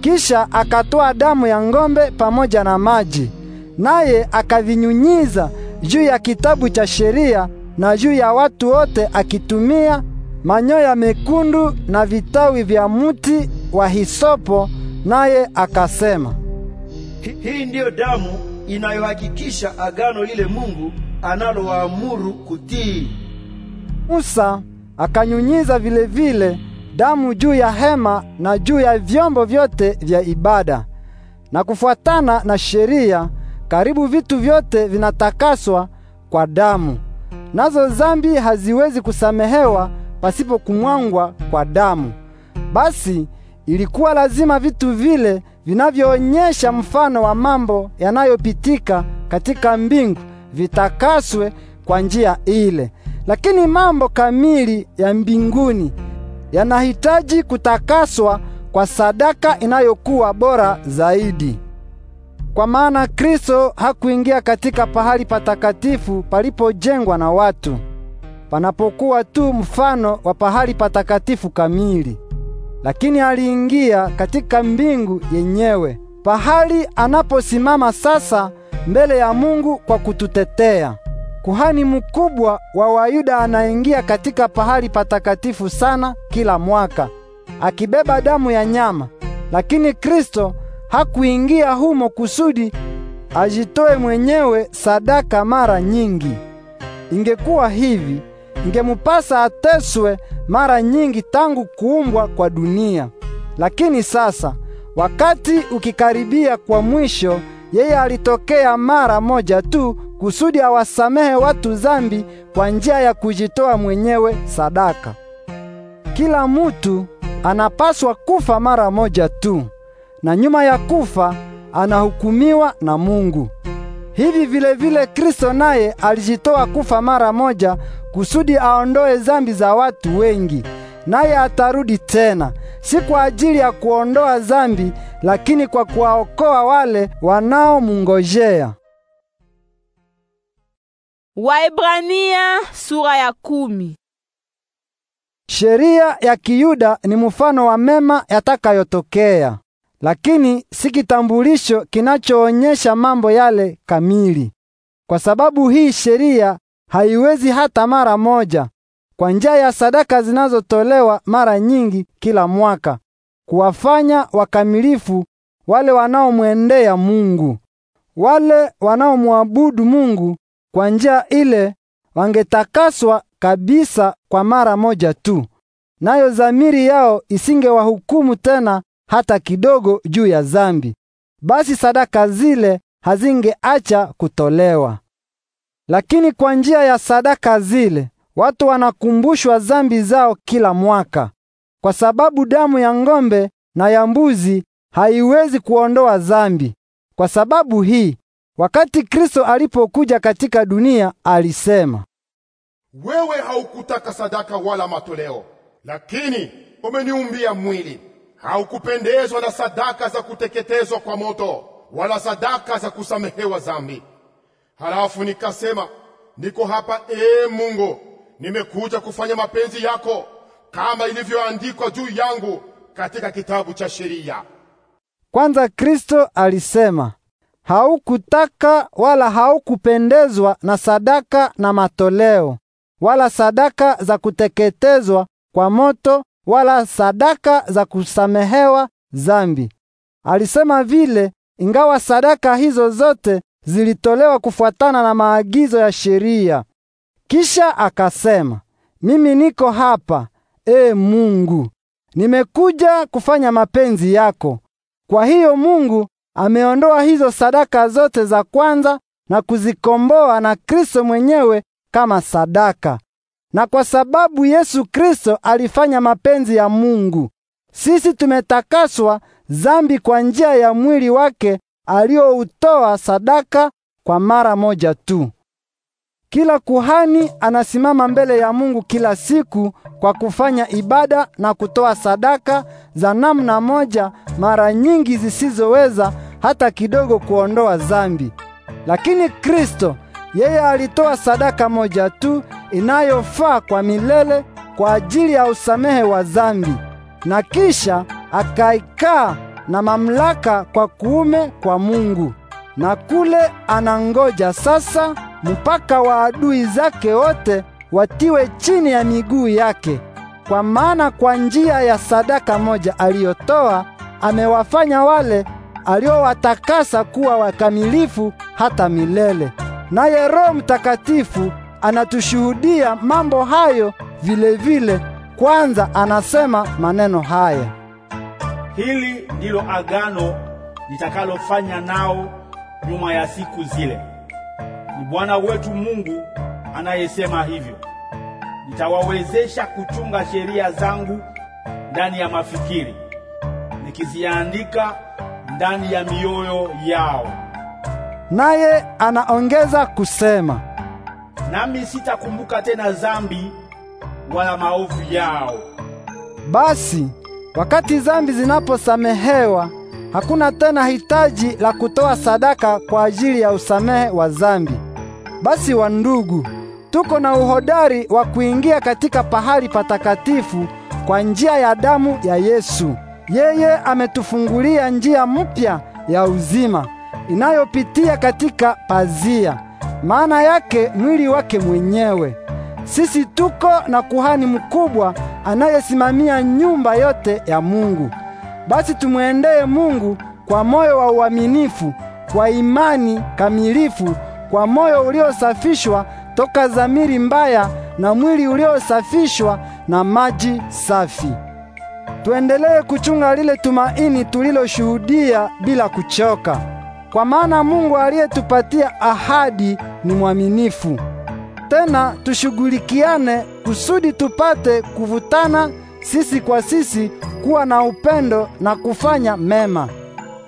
kisha akatoa damu ya ng'ombe pamoja na maji, naye akavinyunyiza juu ya kitabu cha sheria na juu ya watu wote akitumia manyoya mekundu na vitawi vya muti wa hisopo, naye akasema, hii ndiyo damu inayohakikisha agano lile Mungu analowaamuru kutii. Musa akanyunyiza vile vile damu juu ya hema na juu ya vyombo vyote vya ibada. Na kufuatana na sheria, karibu vitu vyote vinatakaswa kwa damu, nazo zambi haziwezi kusamehewa pasipo kumwangwa kwa damu. Basi ilikuwa lazima vitu vile vinavyoonyesha mfano wa mambo yanayopitika katika mbingu vitakaswe kwa njia ile. Lakini mambo kamili ya mbinguni yanahitaji kutakaswa kwa sadaka inayokuwa bora zaidi. Kwa maana Kristo hakuingia katika pahali patakatifu palipojengwa na watu panapokuwa tu mfano wa pahali patakatifu kamili, lakini aliingia katika mbingu yenyewe, pahali anaposimama sasa mbele ya Mungu kwa kututetea. Kuhani mkubwa wa Wayuda anaingia katika pahali patakatifu sana kila mwaka akibeba damu ya nyama, lakini Kristo hakuingia humo kusudi ajitoe mwenyewe sadaka mara nyingi. Ingekuwa hivi Ingemupasa ateswe mara nyingi tangu kuumbwa kwa dunia. Lakini sasa wakati ukikaribia kwa mwisho, yeye alitokea mara moja tu kusudi awasamehe watu zambi kwa njia ya kujitoa mwenyewe sadaka. Kila mutu anapaswa kufa mara moja tu, na nyuma ya kufa anahukumiwa na Mungu. Hivi vilevile Kristo naye alijitoa kufa mara moja kusudi aondoe zambi za watu wengi, naye atarudi tena, si kwa ajili ya kuondoa zambi, lakini kwa kuwaokoa wale wanaomungojea. Waebrania sura ya kumi. Sheria ya Kiyuda ni mfano wa mema yatakayotokea lakini si kitambulisho kinachoonyesha mambo yale kamili. Kwa sababu hii sheria haiwezi hata mara moja kwa njia ya sadaka zinazotolewa mara nyingi kila mwaka kuwafanya wakamilifu wale wanaomwendea Mungu. Wale wanaomwabudu Mungu kwa njia ile wangetakaswa kabisa kwa mara moja tu, nayo dhamiri yao isingewahukumu tena hata kidogo juu ya zambi basi sadaka zile hazingeacha kutolewa. Lakini kwa njia ya sadaka zile watu wanakumbushwa zambi zao kila mwaka, kwa sababu damu ya ng'ombe na ya mbuzi haiwezi kuondoa zambi Kwa sababu hii, wakati Kristo alipokuja katika dunia alisema, wewe haukutaka sadaka wala matoleo, lakini umeniumbia mwili haukupendezwa na sadaka za kuteketezwa kwa moto wala sadaka za kusamehewa zambi. Halafu nikasema, niko hapa ee Mungu, nimekuja kufanya mapenzi yako kama ilivyoandikwa juu yangu katika kitabu cha sheria. Kwanza Kristo alisema, haukutaka wala haukupendezwa na sadaka na matoleo wala sadaka za kuteketezwa kwa moto wala sadaka za kusamehewa zambi. Alisema vile ingawa sadaka hizo zote zilitolewa kufuatana na maagizo ya sheria. Kisha akasema, mimi niko hapa, e Mungu, nimekuja kufanya mapenzi yako. Kwa hiyo Mungu ameondoa hizo sadaka zote za kwanza na kuzikomboa na Kristo mwenyewe kama sadaka na kwa sababu Yesu Kristo alifanya mapenzi ya Mungu, sisi tumetakaswa zambi kwa njia ya mwili wake aliyoutoa sadaka kwa mara moja tu. Kila kuhani anasimama mbele ya Mungu kila siku kwa kufanya ibada na kutoa sadaka za namna moja mara nyingi zisizoweza hata kidogo kuondoa zambi. Lakini Kristo yeye alitoa sadaka moja tu inayofaa kwa milele kwa ajili ya usamehe wa dhambi, na kisha akaikaa na mamlaka kwa kuume kwa Mungu, na kule anangoja sasa mpaka waadui zake wote watiwe chini ya miguu yake, kwa maana kwa njia ya sadaka moja aliyotoa amewafanya wale aliowatakasa kuwa wakamilifu hata milele. Naye Roho Mtakatifu anatushuhudia mambo hayo vile vile. Kwanza anasema maneno haya: hili ndilo agano nitakalofanya nao nyuma ya siku zile, ni Bwana wetu Mungu anayesema hivyo, nitawawezesha kuchunga sheria zangu ndani ya mafikiri, nikiziandika ndani ya mioyo yao. Naye anaongeza kusema, nami sitakumbuka tena zambi wala maovu yao. Basi wakati zambi zinaposamehewa, hakuna tena hitaji la kutoa sadaka kwa ajili ya usamehe wa zambi Basi wandugu, tuko na uhodari wa kuingia katika pahali patakatifu kwa njia ya damu ya Yesu. Yeye ametufungulia njia mpya ya uzima inayopitia katika pazia, maana yake mwili wake mwenyewe. Sisi tuko na kuhani mkubwa anayesimamia nyumba yote ya Mungu. Basi tumwendee Mungu kwa moyo wa uaminifu, kwa imani kamilifu, kwa moyo uliosafishwa toka dhamiri mbaya na mwili uliosafishwa na maji safi. Tuendelee kuchunga lile tumaini tuliloshuhudia bila kuchoka. Kwa maana Mungu aliyetupatia ahadi ni mwaminifu. Tena tushughulikiane kusudi tupate kuvutana sisi kwa sisi, kuwa na upendo na kufanya mema.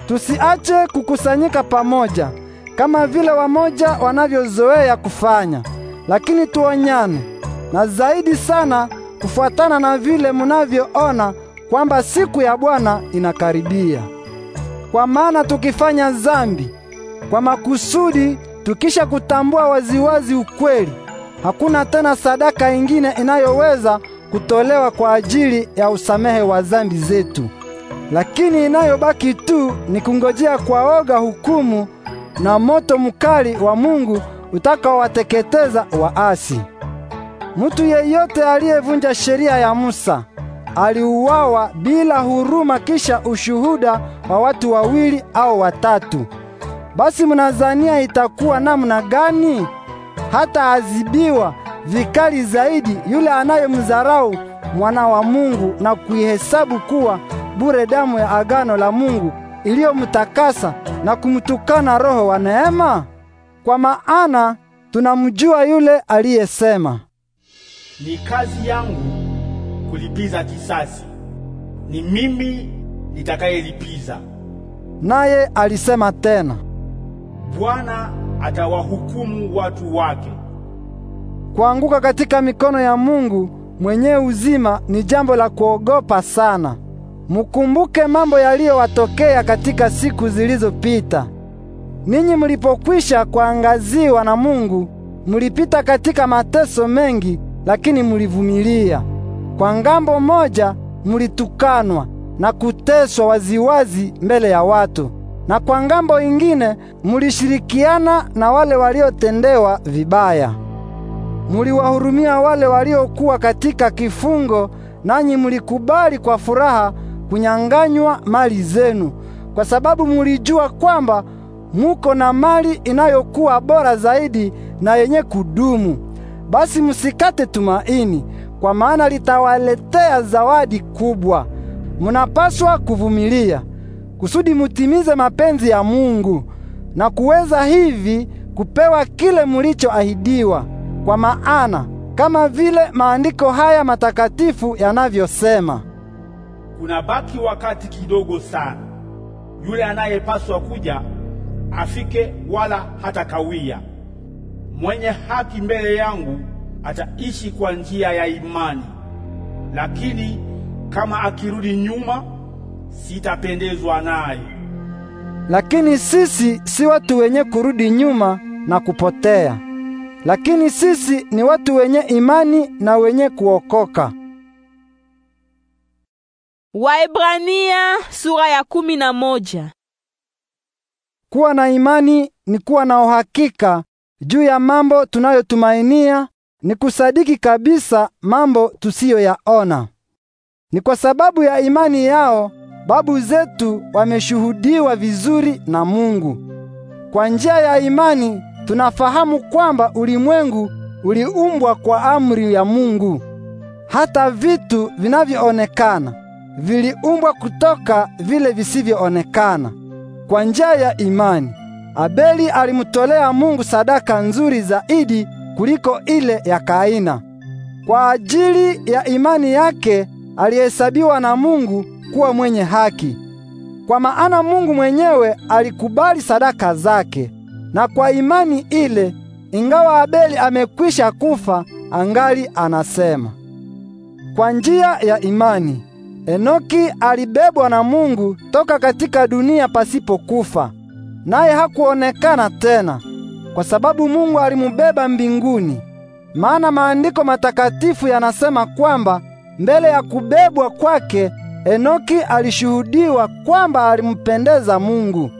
Tusiache kukusanyika pamoja kama vile wamoja wanavyozoea kufanya, lakini tuonyane na zaidi sana kufuatana na vile munavyoona kwamba siku ya Bwana inakaribia. Kwa maana tukifanya zambi kwa makusudi, tukisha kutambua waziwazi ukweli, hakuna tena sadaka ingine inayoweza kutolewa kwa ajili ya usamehe wa zambi zetu, lakini inayobaki tu ni kungojea kwa oga hukumu na moto mkali wa Mungu utakaowateketeza waasi. Mutu yeyote aliyevunja sheria ya Musa aliuawa bila huruma kisha ushuhuda wa watu wawili au watatu. Basi mnazania itakuwa namna gani? Hata azibiwa vikali zaidi yule anayemdharau mwana wa Mungu na kuihesabu kuwa bure damu ya agano la Mungu iliyomtakasa na kumtukana Roho wa neema. Kwa maana tunamjua yule aliyesema, ni kazi yangu kulipiza kisasi. Ni mimi nitakayelipiza. Naye alisema tena, Bwana atawahukumu watu wake. Kuanguka katika mikono ya Mungu mwenye uzima ni jambo la kuogopa sana. Mukumbuke mambo yaliyowatokea katika siku zilizopita. Ninyi mulipokwisha kuangaziwa na Mungu, mulipita katika mateso mengi, lakini mulivumilia. Kwa ngambo moja mulitukanwa na kuteswa waziwazi mbele ya watu, na kwa ngambo ingine mulishirikiana na wale waliotendewa vibaya. Muliwahurumia wale waliokuwa katika kifungo, nanyi mulikubali kwa furaha kunyang'anywa mali zenu, kwa sababu mulijua kwamba muko na mali inayokuwa bora zaidi na yenye kudumu. Basi musikate tumaini, kwa maana litawaletea zawadi kubwa. Munapaswa kuvumilia kusudi mutimize mapenzi ya Mungu na kuweza hivi kupewa kile mulichoahidiwa. Kwa maana kama vile maandiko haya matakatifu yanavyosema, baki wakati kidogo sana, yule anayepaswa kuja afike, wala hata kawia. Mwenye haki mbele yangu ataishi kwa njia ya imani. Lakini kama akirudi nyuma, sitapendezwa naye. Lakini sisi si watu wenye kurudi nyuma na kupotea, lakini sisi ni watu wenye imani na wenye kuokoka. Waebrania sura ya kumi na moja. Kuwa na imani ni kuwa na uhakika juu ya mambo tunayotumainia ni kusadiki kabisa mambo tusiyoyaona. Ni kwa sababu ya imani yao babu zetu wameshuhudiwa vizuri na Mungu. Kwa njia ya imani tunafahamu kwamba ulimwengu uliumbwa kwa amri ya Mungu. Hata vitu vinavyoonekana viliumbwa kutoka vile visivyoonekana. Kwa njia ya imani Abeli alimtolea Mungu sadaka nzuri zaidi kuliko ile ya Kaina. Kwa ajili ya imani yake alihesabiwa na Mungu kuwa mwenye haki. Kwa maana Mungu mwenyewe alikubali sadaka zake. Na kwa imani ile, ingawa Abeli amekwisha kufa, angali anasema. Kwa njia ya imani Enoki alibebwa na Mungu toka katika dunia pasipokufa, naye hakuonekana tena kwa sababu Mungu alimubeba mbinguni. Maana maandiko matakatifu yanasema kwamba mbele ya kubebwa kwake Enoki alishuhudiwa kwamba alimpendeza Mungu.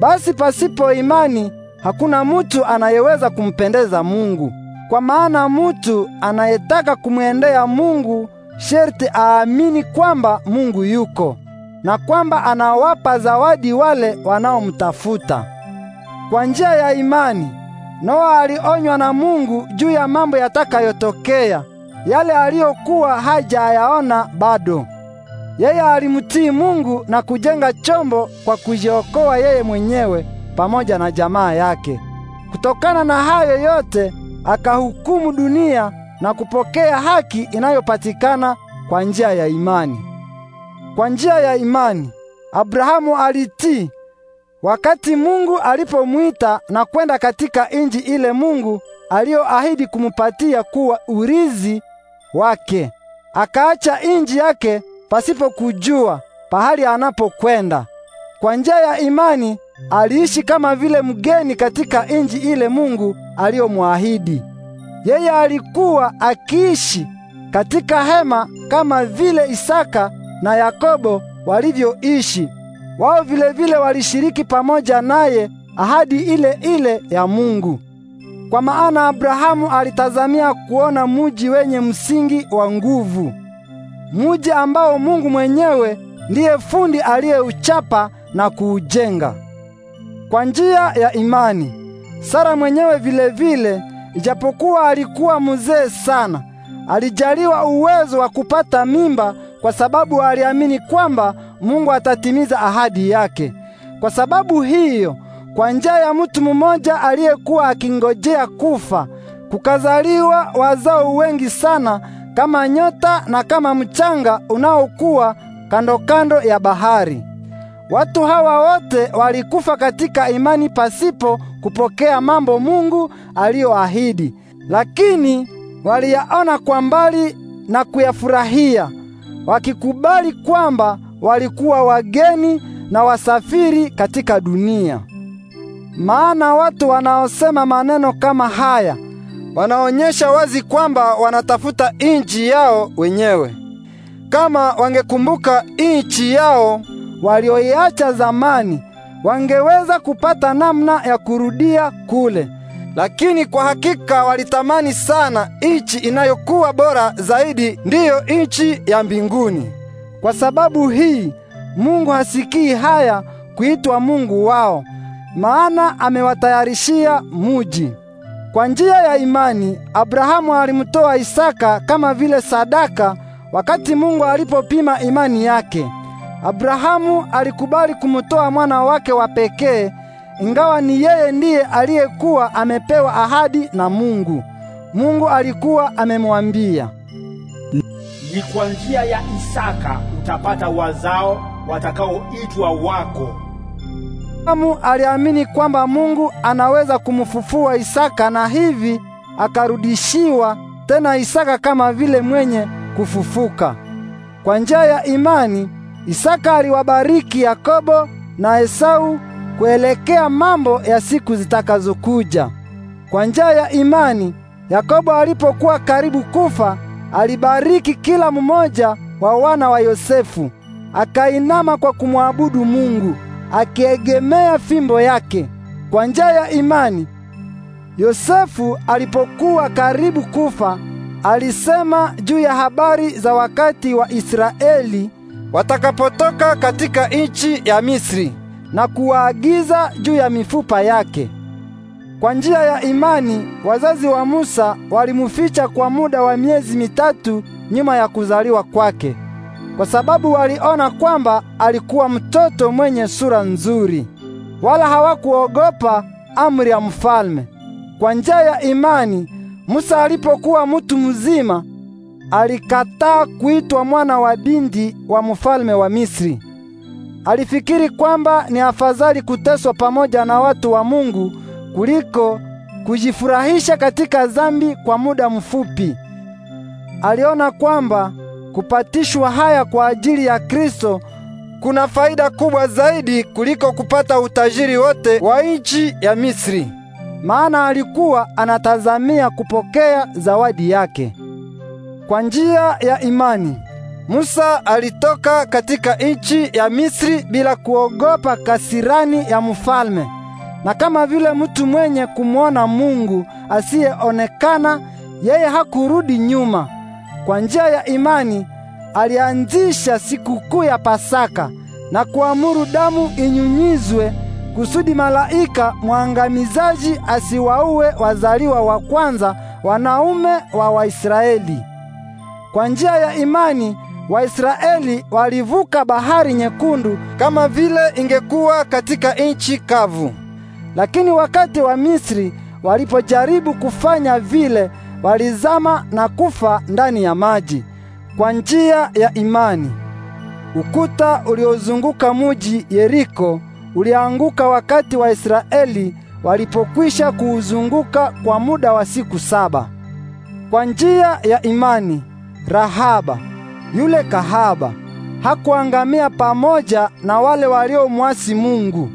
Basi pasipo imani hakuna mutu anayeweza kumpendeza Mungu. Kwa maana mutu anayetaka kumwendea Mungu sherti aamini kwamba Mungu yuko na kwamba anawapa zawadi wale wanaomtafuta. Kwa njia ya imani Noa alionywa na Mungu juu ya mambo yatakayotokea, yale aliyokuwa hajayaona bado. Yeye alimtii Mungu na kujenga chombo kwa kujiokoa yeye mwenyewe pamoja na jamaa yake. Kutokana na hayo yote, akahukumu dunia na kupokea haki inayopatikana kwa njia ya imani. Kwa njia ya imani Abrahamu alitii Wakati Mungu alipomwita na kwenda katika inji ile Mungu aliyoahidi kumupatia kuwa urizi wake, akaacha inji yake pasipokujua pahali anapokwenda. Kwa njia ya imani aliishi kama vile mgeni katika inji ile Mungu aliyomwahidi. Yeye alikuwa akiishi katika hema kama vile Isaka na Yakobo walivyoishi wao vilevile walishiriki pamoja naye ahadi ile ile ya Mungu. Kwa maana Abrahamu alitazamia kuona muji wenye msingi wa nguvu, muji ambao Mungu mwenyewe ndiye fundi aliyeuchapa na kuujenga. Kwa njia ya imani, Sara mwenyewe vilevile, ijapokuwa alikuwa mzee sana, alijaliwa uwezo wa kupata mimba kwa sababu aliamini kwamba Mungu atatimiza ahadi yake. Kwa sababu hiyo, kwa njia ya mtu mmoja aliyekuwa akingojea kufa, kukazaliwa wazao wengi sana kama nyota na kama mchanga unaokuwa kando kando ya bahari. Watu hawa wote walikufa katika imani pasipo kupokea mambo Mungu aliyoahidi, lakini waliyaona kwa mbali na kuyafurahia wakikubali kwamba walikuwa wageni na wasafiri katika dunia. Maana watu wanaosema maneno kama haya wanaonyesha wazi kwamba wanatafuta inchi yao wenyewe. Kama wangekumbuka inchi yao walioiacha zamani, wangeweza kupata namna ya kurudia kule. Lakini kwa hakika walitamani sana nchi inayokuwa bora zaidi, ndiyo nchi ya mbinguni. Kwa sababu hii Mungu hasikii haya kuitwa Mungu wao, maana amewatayarishia muji. Kwa njia ya imani Abrahamu alimtoa Isaka kama vile sadaka wakati Mungu alipopima imani yake. Abrahamu alikubali kumtoa mwana wake wa pekee ingawa ni yeye ndiye aliyekuwa amepewa ahadi na Mungu. Mungu alikuwa amemwambia, ni kwa njia ya Isaka utapata wazao watakaoitwa wako. Abrahamu aliamini kwamba Mungu anaweza kumfufua Isaka na hivi akarudishiwa tena Isaka kama vile mwenye kufufuka. Kwa njia ya imani, Isaka aliwabariki Yakobo na Esau kuelekea mambo ya siku zitakazokuja. Kwa njia ya imani, Yakobo alipokuwa karibu kufa, alibariki kila mmoja wa wana wa Yosefu, akainama kwa kumwabudu Mungu akiegemea fimbo yake. Kwa njia ya imani, Yosefu alipokuwa karibu kufa, alisema juu ya habari za wakati wa Israeli watakapotoka katika nchi ya Misri na kuwaagiza juu ya mifupa yake. Kwa njia ya imani wazazi wa Musa walimuficha kwa muda wa miezi mitatu nyuma ya kuzaliwa kwake, kwa sababu waliona kwamba alikuwa mtoto mwenye sura nzuri, wala hawakuogopa amri ya mfalme. Kwa njia ya imani Musa alipokuwa mtu mzima alikataa kuitwa mwana wa binti wa mfalme wa Misri. Alifikiri kwamba ni afadhali kuteswa pamoja na watu wa Mungu kuliko kujifurahisha katika dhambi kwa muda mfupi. Aliona kwamba kupatishwa haya kwa ajili ya Kristo kuna faida kubwa zaidi kuliko kupata utajiri wote wa nchi ya Misri, maana alikuwa anatazamia kupokea zawadi yake kwa njia ya imani. Musa alitoka katika nchi ya Misri bila kuogopa kasirani ya mfalme, na kama vile mtu mwenye kumwona Mungu asiyeonekana, yeye hakurudi nyuma. Kwa njia ya imani alianzisha sikukuu ya Pasaka na kuamuru damu inyunyizwe kusudi malaika mwangamizaji asiwaue wazaliwa wa kwanza wanaume wa Waisraeli. Kwa njia ya imani Waisraeli walivuka bahari nyekundu kama vile ingekuwa katika nchi kavu. Lakini wakati wa Misri walipojaribu kufanya vile, walizama na kufa ndani ya maji kwa njia ya imani. Ukuta uliozunguka muji Yeriko ulianguka wakati Waisraeli walipokwisha kuuzunguka kwa muda wa siku saba. Kwa njia ya imani Rahaba yule kahaba hakuangamia pamoja na wale waliomwasi Mungu,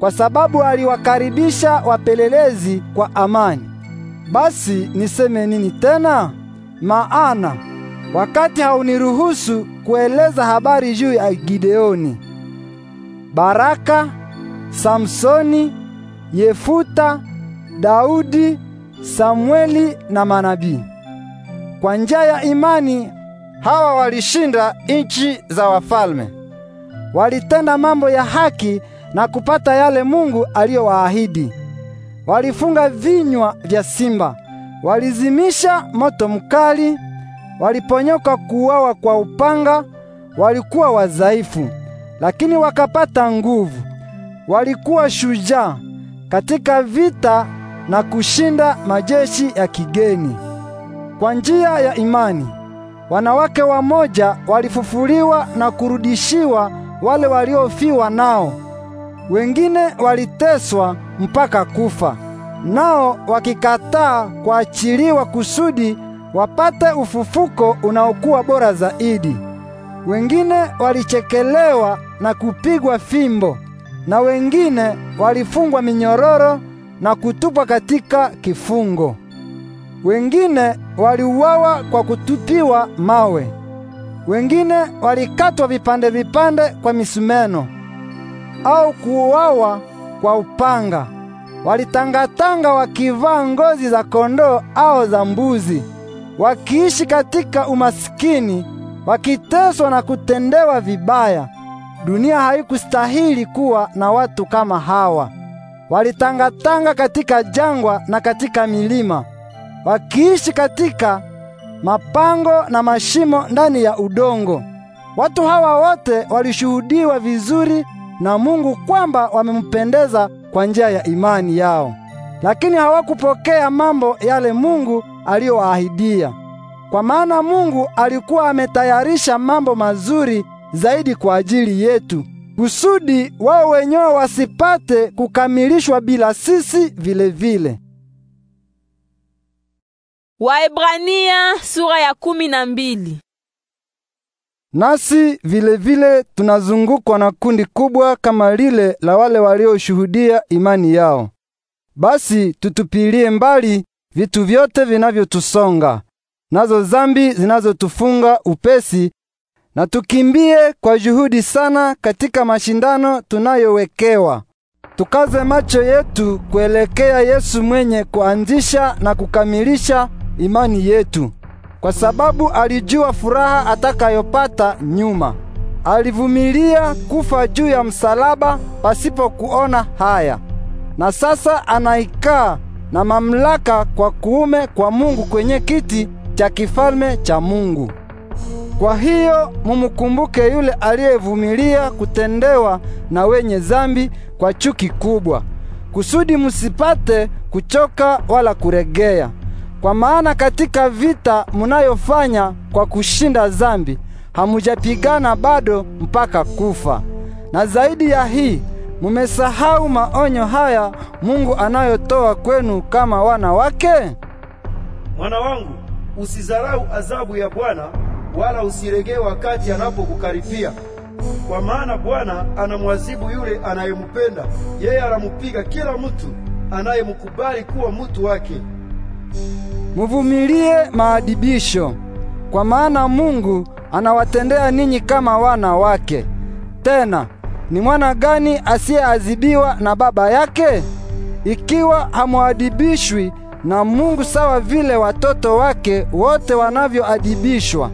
kwa sababu aliwakaribisha wapelelezi kwa amani. Basi niseme nini tena? Maana wakati hauniruhusu kueleza habari juu ya Gideoni, Baraka, Samsoni, Yefuta, Daudi, samweli na manabii. Kwa njia ya imani Hawa walishinda nchi za wafalme, walitenda mambo ya haki na kupata yale Mungu aliyowaahidi. Walifunga vinywa vya simba, walizimisha moto mkali, waliponyoka kuuawa kwa upanga. Walikuwa wazaifu lakini wakapata nguvu, walikuwa shujaa katika vita na kushinda majeshi ya kigeni kwa njia ya imani wanawake wamoja walifufuliwa na kurudishiwa wale waliofiwa nao, wengine waliteswa mpaka kufa, nao wakikataa kuachiliwa kusudi wapate ufufuko unaokuwa bora zaidi. Wengine walichekelewa na kupigwa fimbo, na wengine walifungwa minyororo na kutupwa katika kifungo wengine waliuawa kwa kutupiwa mawe, wengine walikatwa vipande vipande kwa misumeno au kuuawa kwa upanga. Walitangatanga wakivaa ngozi za kondoo au za mbuzi, wakiishi katika umasikini, wakiteswa na kutendewa vibaya. Dunia haikustahili kuwa na watu kama hawa. Walitangatanga katika jangwa na katika milima wakiishi katika mapango na mashimo ndani ya udongo. Watu hawa wote walishuhudiwa vizuri na Mungu kwamba wamempendeza kwa njia ya imani yao, lakini hawakupokea mambo yale Mungu aliyowaahidia, kwa maana Mungu alikuwa ametayarisha mambo mazuri zaidi kwa ajili yetu, kusudi wao wenyewe wasipate kukamilishwa bila sisi vile vile. Waebrania sura ya kumi na mbili. Nasi vilevile vile tunazungukwa na kundi kubwa kama lile la wale walioshuhudia imani yao. Basi tutupilie mbali vitu vyote vinavyotusonga, nazo zambi zinazotufunga upesi, na tukimbie kwa juhudi sana katika mashindano tunayowekewa. Tukaze macho yetu kuelekea Yesu mwenye kuanzisha na kukamilisha imani yetu, kwa sababu alijua furaha atakayopata nyuma. Alivumilia kufa juu ya msalaba pasipo kuona haya, na sasa anaikaa na mamlaka kwa kuume kwa Mungu kwenye kiti cha kifalme cha Mungu. Kwa hiyo mumukumbuke yule aliyevumilia kutendewa na wenye zambi kwa chuki kubwa, kusudi musipate kuchoka wala kuregea. Kwa maana katika vita munayofanya kwa kushinda zambi hamujapigana bado mpaka kufa. Na zaidi ya hii mumesahau maonyo haya Mungu anayotoa kwenu kama wana wake. Mwana wangu, usizarau adhabu ya Bwana wala usiregee wakati anapokukaripia. Kwa maana Bwana anamwadhibu yule anayemupenda, yeye anamupiga kila mtu anayemukubali kuwa mtu wake muvumilie maadibisho, kwa maana Mungu anawatendea ninyi kama wana wake. Tena ni mwana gani asiyeadhibiwa na baba yake? Ikiwa hamuadibishwi na Mungu sawa vile watoto wake wote wanavyoadibishwa,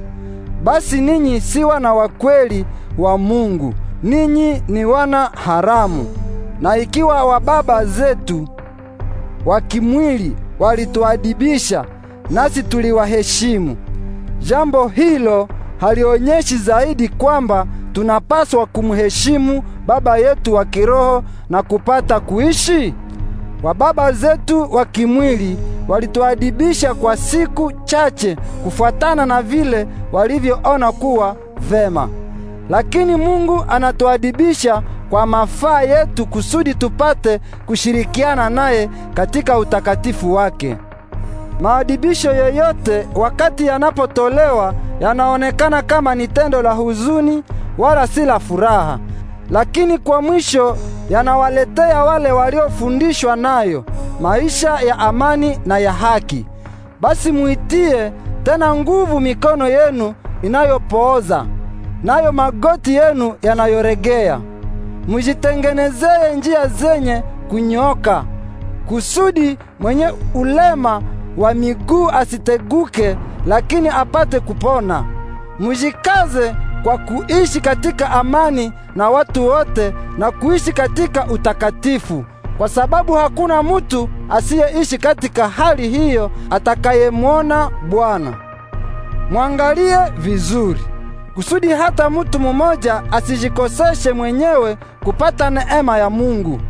basi ninyi si wana wa kweli wa Mungu, ninyi ni wana haramu. Na ikiwa wa baba zetu wa kimwili walituadibisha, nasi tuliwaheshimu. Jambo hilo halionyeshi zaidi kwamba tunapaswa kumheshimu Baba yetu wa kiroho na kupata kuishi? wa baba zetu wa kimwili walituadibisha kwa siku chache kufuatana na vile walivyoona kuwa vema, lakini Mungu anatuadibisha kwa mafaa yetu kusudi tupate kushirikiana naye katika utakatifu wake. Maadibisho yoyote wakati yanapotolewa yanaonekana kama ni tendo la huzuni wala si la furaha, lakini kwa mwisho yanawaletea wale waliofundishwa nayo maisha ya amani na ya haki. Basi muitie tena nguvu mikono yenu inayopooza, nayo magoti yenu yanayoregea mujitengenezeye njia zenye kunyoka, kusudi mwenye ulema wa miguu asiteguke, lakini apate kupona. Mujikaze kwa kuishi katika amani na watu wote na kuishi katika utakatifu, kwa sababu hakuna mutu asiyeishi katika hali hiyo atakayemwona Bwana. Mwangalie vizuri kusudi hata mtu mmoja asijikoseshe mwenyewe kupata neema ya Mungu,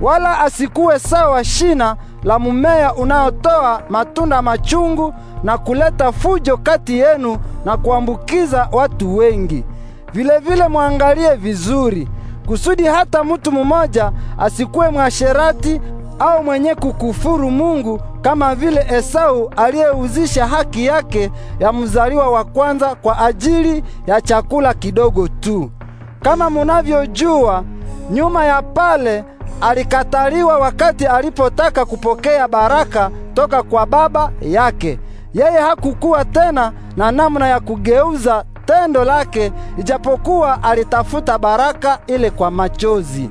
wala asikuwe sawa shina la mumea unaotoa matunda machungu na kuleta fujo kati yenu na kuambukiza watu wengi. Vilevile vile mwangalie vizuri kusudi hata mtu mmoja asikuwe mwasherati au mwenye kukufuru Mungu kama vile Esau aliyeuzisha haki yake ya mzaliwa wa kwanza kwa ajili ya chakula kidogo tu. Kama munavyojua, nyuma ya pale alikataliwa wakati alipotaka kupokea baraka toka kwa baba yake. Yeye hakukuwa tena na namna ya kugeuza tendo lake, ijapokuwa alitafuta baraka ile kwa machozi.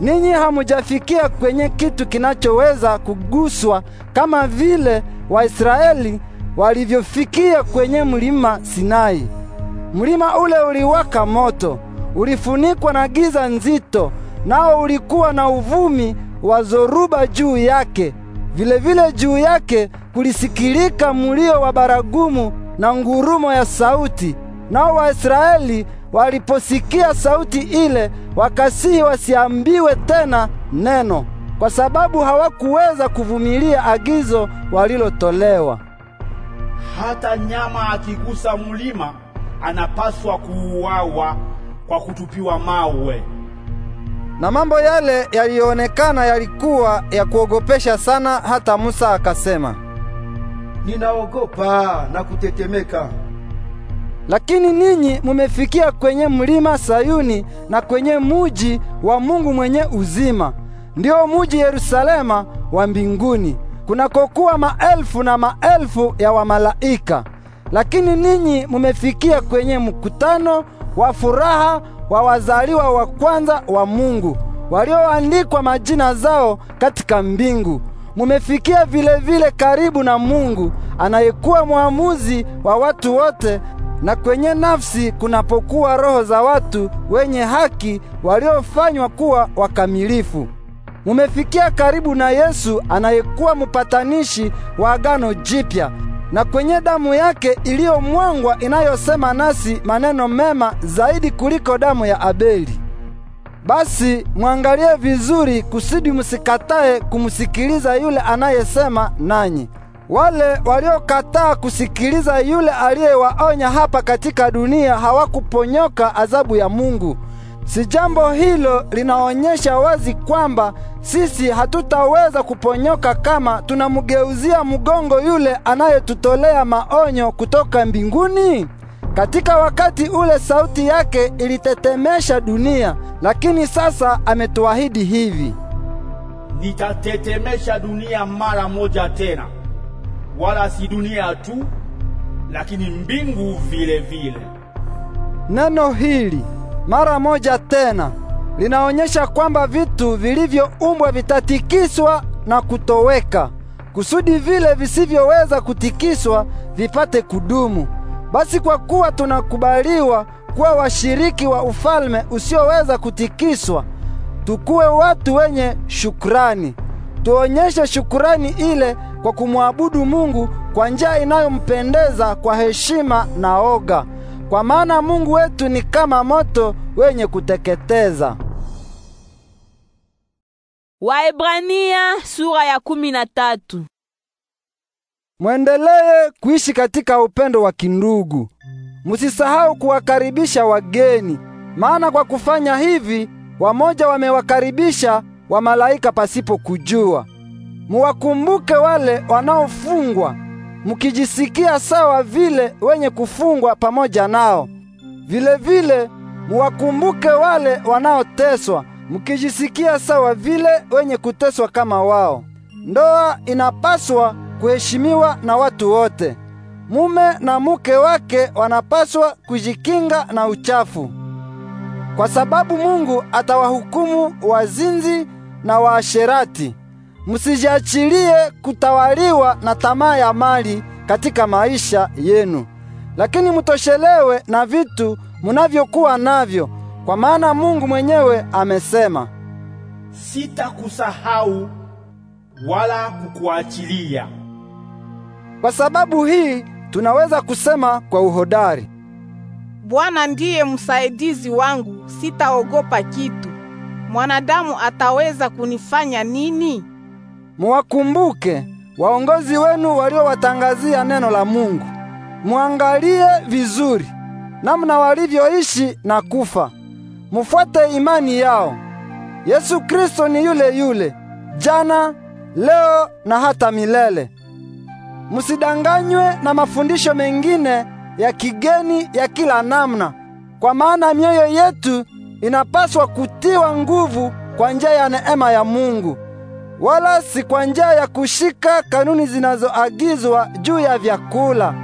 Ninyi hamujafikia kwenye kitu kinachoweza kuguswa kama vile Waisraeli walivyofikia kwenye mlima Sinai. Mlima ule uliwaka moto, ulifunikwa na giza nzito, nao ulikuwa na uvumi wa zoruba juu yake. Vilevile vile juu yake kulisikilika mulio wa baragumu na ngurumo ya sauti, nao Waisraeli Waliposikia sauti ile, wakasihi wasiambiwe tena neno, kwa sababu hawakuweza kuvumilia agizo walilotolewa. Hata nyama akigusa mulima anapaswa kuuawa kwa kutupiwa mawe. Na mambo yale yaliyoonekana yalikuwa ya kuogopesha sana, hata Musa akasema, ninaogopa na kutetemeka. Lakini ninyi mumefikia kwenye mlima Sayuni na kwenye muji wa Mungu mwenye uzima, ndio muji Yerusalema wa mbinguni kunakokuwa maelfu na maelfu ya wamalaika. Lakini ninyi mumefikia kwenye mkutano wa furaha wa wazaliwa wa kwanza wa Mungu walioandikwa majina zao katika mbingu. Mumefikia vilevile vile karibu na Mungu anayekuwa mwamuzi wa watu wote na kwenye nafsi kunapokuwa roho za watu wenye haki waliofanywa kuwa wakamilifu. Mumefikia karibu na Yesu anayekuwa mupatanishi wa agano jipya na kwenye damu yake iliyomwangwa inayosema nasi maneno mema zaidi kuliko damu ya Abeli. Basi mwangalie vizuri kusudi musikatae kumsikiliza yule anayesema nanyi. Wale waliokataa kusikiliza yule aliyewaonya hapa katika dunia hawakuponyoka adhabu ya Mungu. Si jambo hilo linaonyesha wazi kwamba sisi hatutaweza kuponyoka kama tunamgeuzia mgongo yule anayetutolea maonyo kutoka mbinguni? Katika wakati ule sauti yake ilitetemesha dunia, lakini sasa ametuahidi hivi: Nitatetemesha dunia mara moja tena wala si dunia tu, lakini mbingu vile vile. Neno hili mara moja tena linaonyesha kwamba vitu vilivyoumbwa vitatikiswa na kutoweka, kusudi vile visivyoweza kutikiswa vipate kudumu. Basi kwa kuwa tunakubaliwa kuwa washiriki wa ufalme usioweza kutikiswa, tukuwe watu wenye shukurani. Tuonyeshe shukurani ile kwa kumwabudu Mungu kwa njia inayompendeza kwa heshima na oga, kwa maana Mungu wetu ni kama moto wenye kuteketeza. Waebrania sura ya kumi na tatu. Mwendelee kuishi katika upendo wa kindugu. Musisahau kuwakaribisha wageni, maana kwa kufanya hivi wamoja wamewakaribisha wa malaika pasipo kujua muwakumbuke wale wanaofungwa, mukijisikia sawa vile wenye kufungwa pamoja nao. Vilevile muwakumbuke wale wanaoteswa, mukijisikia sawa vile wenye kuteswa kama wao. Ndoa inapaswa kuheshimiwa na watu wote. Mume na muke wake wanapaswa kujikinga na uchafu, kwa sababu Mungu atawahukumu wazinzi na waasherati msijiachilie kutawaliwa na tamaa ya mali katika maisha yenu, lakini mtoshelewe na vitu munavyokuwa navyo, kwa maana Mungu mwenyewe amesema, sitakusahau wala kukuachilia. Kwa sababu hii tunaweza kusema kwa uhodari, Bwana ndiye msaidizi wangu, sitaogopa kitu. Mwanadamu ataweza kunifanya nini? muwakumbuke waongozi wenu waliowatangazia neno la Mungu. Muangalie vizuri namna walivyoishi na kufa, mufuate imani yao. Yesu Kristo ni yule yule jana, leo na hata milele. Musidanganywe na mafundisho mengine ya kigeni ya kila namna, kwa maana mioyo yetu inapaswa kutiwa nguvu kwa njia ya neema ya Mungu wala si kwa njia ya kushika kanuni zinazoagizwa juu ya vyakula.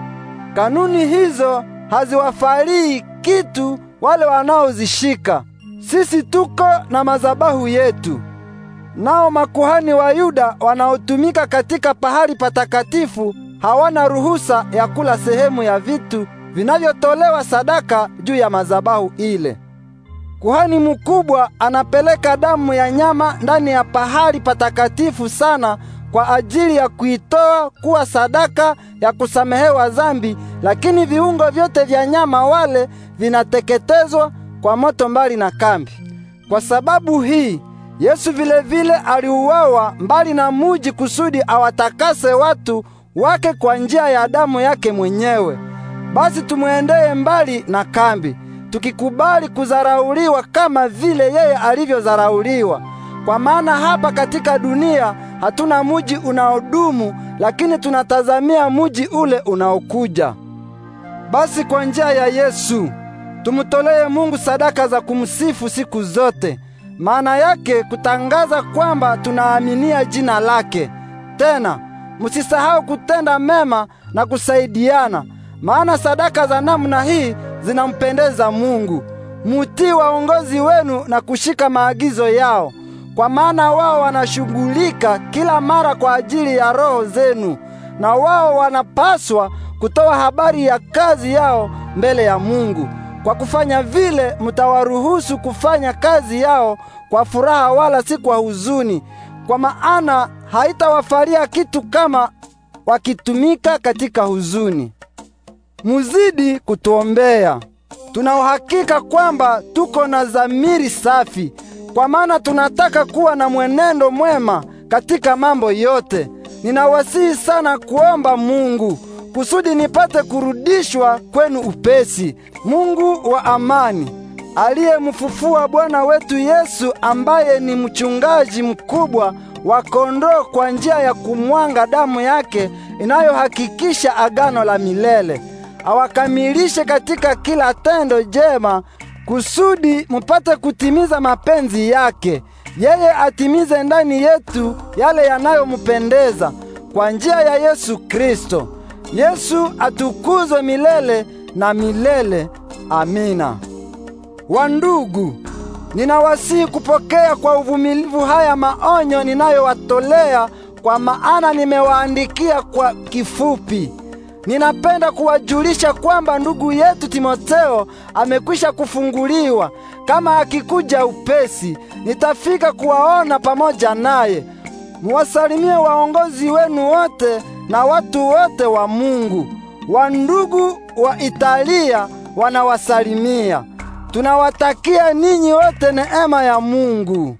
Kanuni hizo haziwafarii kitu wale wanaozishika. Sisi tuko na mazabahu yetu, nao makuhani wa Yuda wanaotumika katika pahali patakatifu hawana ruhusa ya kula sehemu ya vitu vinavyotolewa sadaka juu ya mazabahu ile kuhani mkubwa anapeleka damu ya nyama ndani ya pahali patakatifu sana kwa ajili ya kuitoa kuwa sadaka ya kusamehewa dhambi, lakini viungo vyote vya nyama wale vinateketezwa kwa moto mbali na kambi. Kwa sababu hii Yesu vilevile aliuawa mbali na muji kusudi awatakase watu wake kwa njia ya damu yake mwenyewe. Basi tumwendeye mbali na kambi tukikubali kuzarauliwa kama vile yeye alivyozarauliwa Kwa maana hapa katika dunia hatuna muji unaodumu, lakini tunatazamia muji ule unaokuja. Basi kwa njia ya Yesu tumutolee Mungu sadaka za kumsifu siku zote, maana yake kutangaza kwamba tunaaminia jina lake. Tena musisahau kutenda mema na kusaidiana, maana sadaka za namna hii zinampendeza Mungu. Mutii waongozi wenu na kushika maagizo yao, kwa maana wao wanashughulika kila mara kwa ajili ya roho zenu, na wao wanapaswa kutoa habari ya kazi yao mbele ya Mungu. Kwa kufanya vile, mtawaruhusu kufanya kazi yao kwa furaha, wala si kwa huzuni, kwa maana haitawafalia kitu kama wakitumika katika huzuni muzidi kutuombea. Tuna uhakika kwamba tuko na dhamiri safi, kwa maana tunataka kuwa na mwenendo mwema katika mambo yote. Ninawasihi sana kuomba Mungu kusudi nipate kurudishwa kwenu upesi. Mungu wa amani aliyemfufua Bwana wetu Yesu, ambaye ni mchungaji mkubwa wa kondoo kwa njia ya kumwanga damu yake inayohakikisha agano la milele awakamilishe katika kila tendo jema, kusudi mupate kutimiza mapenzi yake. Yeye atimize ndani yetu yale yanayomupendeza kwa njia ya Yesu Kristo. Yesu atukuzwe milele na milele. Amina. Wandugu, ninawasihi kupokea kwa uvumilivu haya maonyo ninayowatolea, kwa maana nimewaandikia kwa kifupi. Ninapenda kuwajulisha kwamba ndugu yetu Timotheo amekwisha kufunguliwa. Kama akikuja upesi, nitafika kuwaona pamoja naye. Muwasalimie waongozi wenu wote na watu wote wa Mungu. Wandugu wa Italia wanawasalimia. Tunawatakia ninyi wote neema ya Mungu.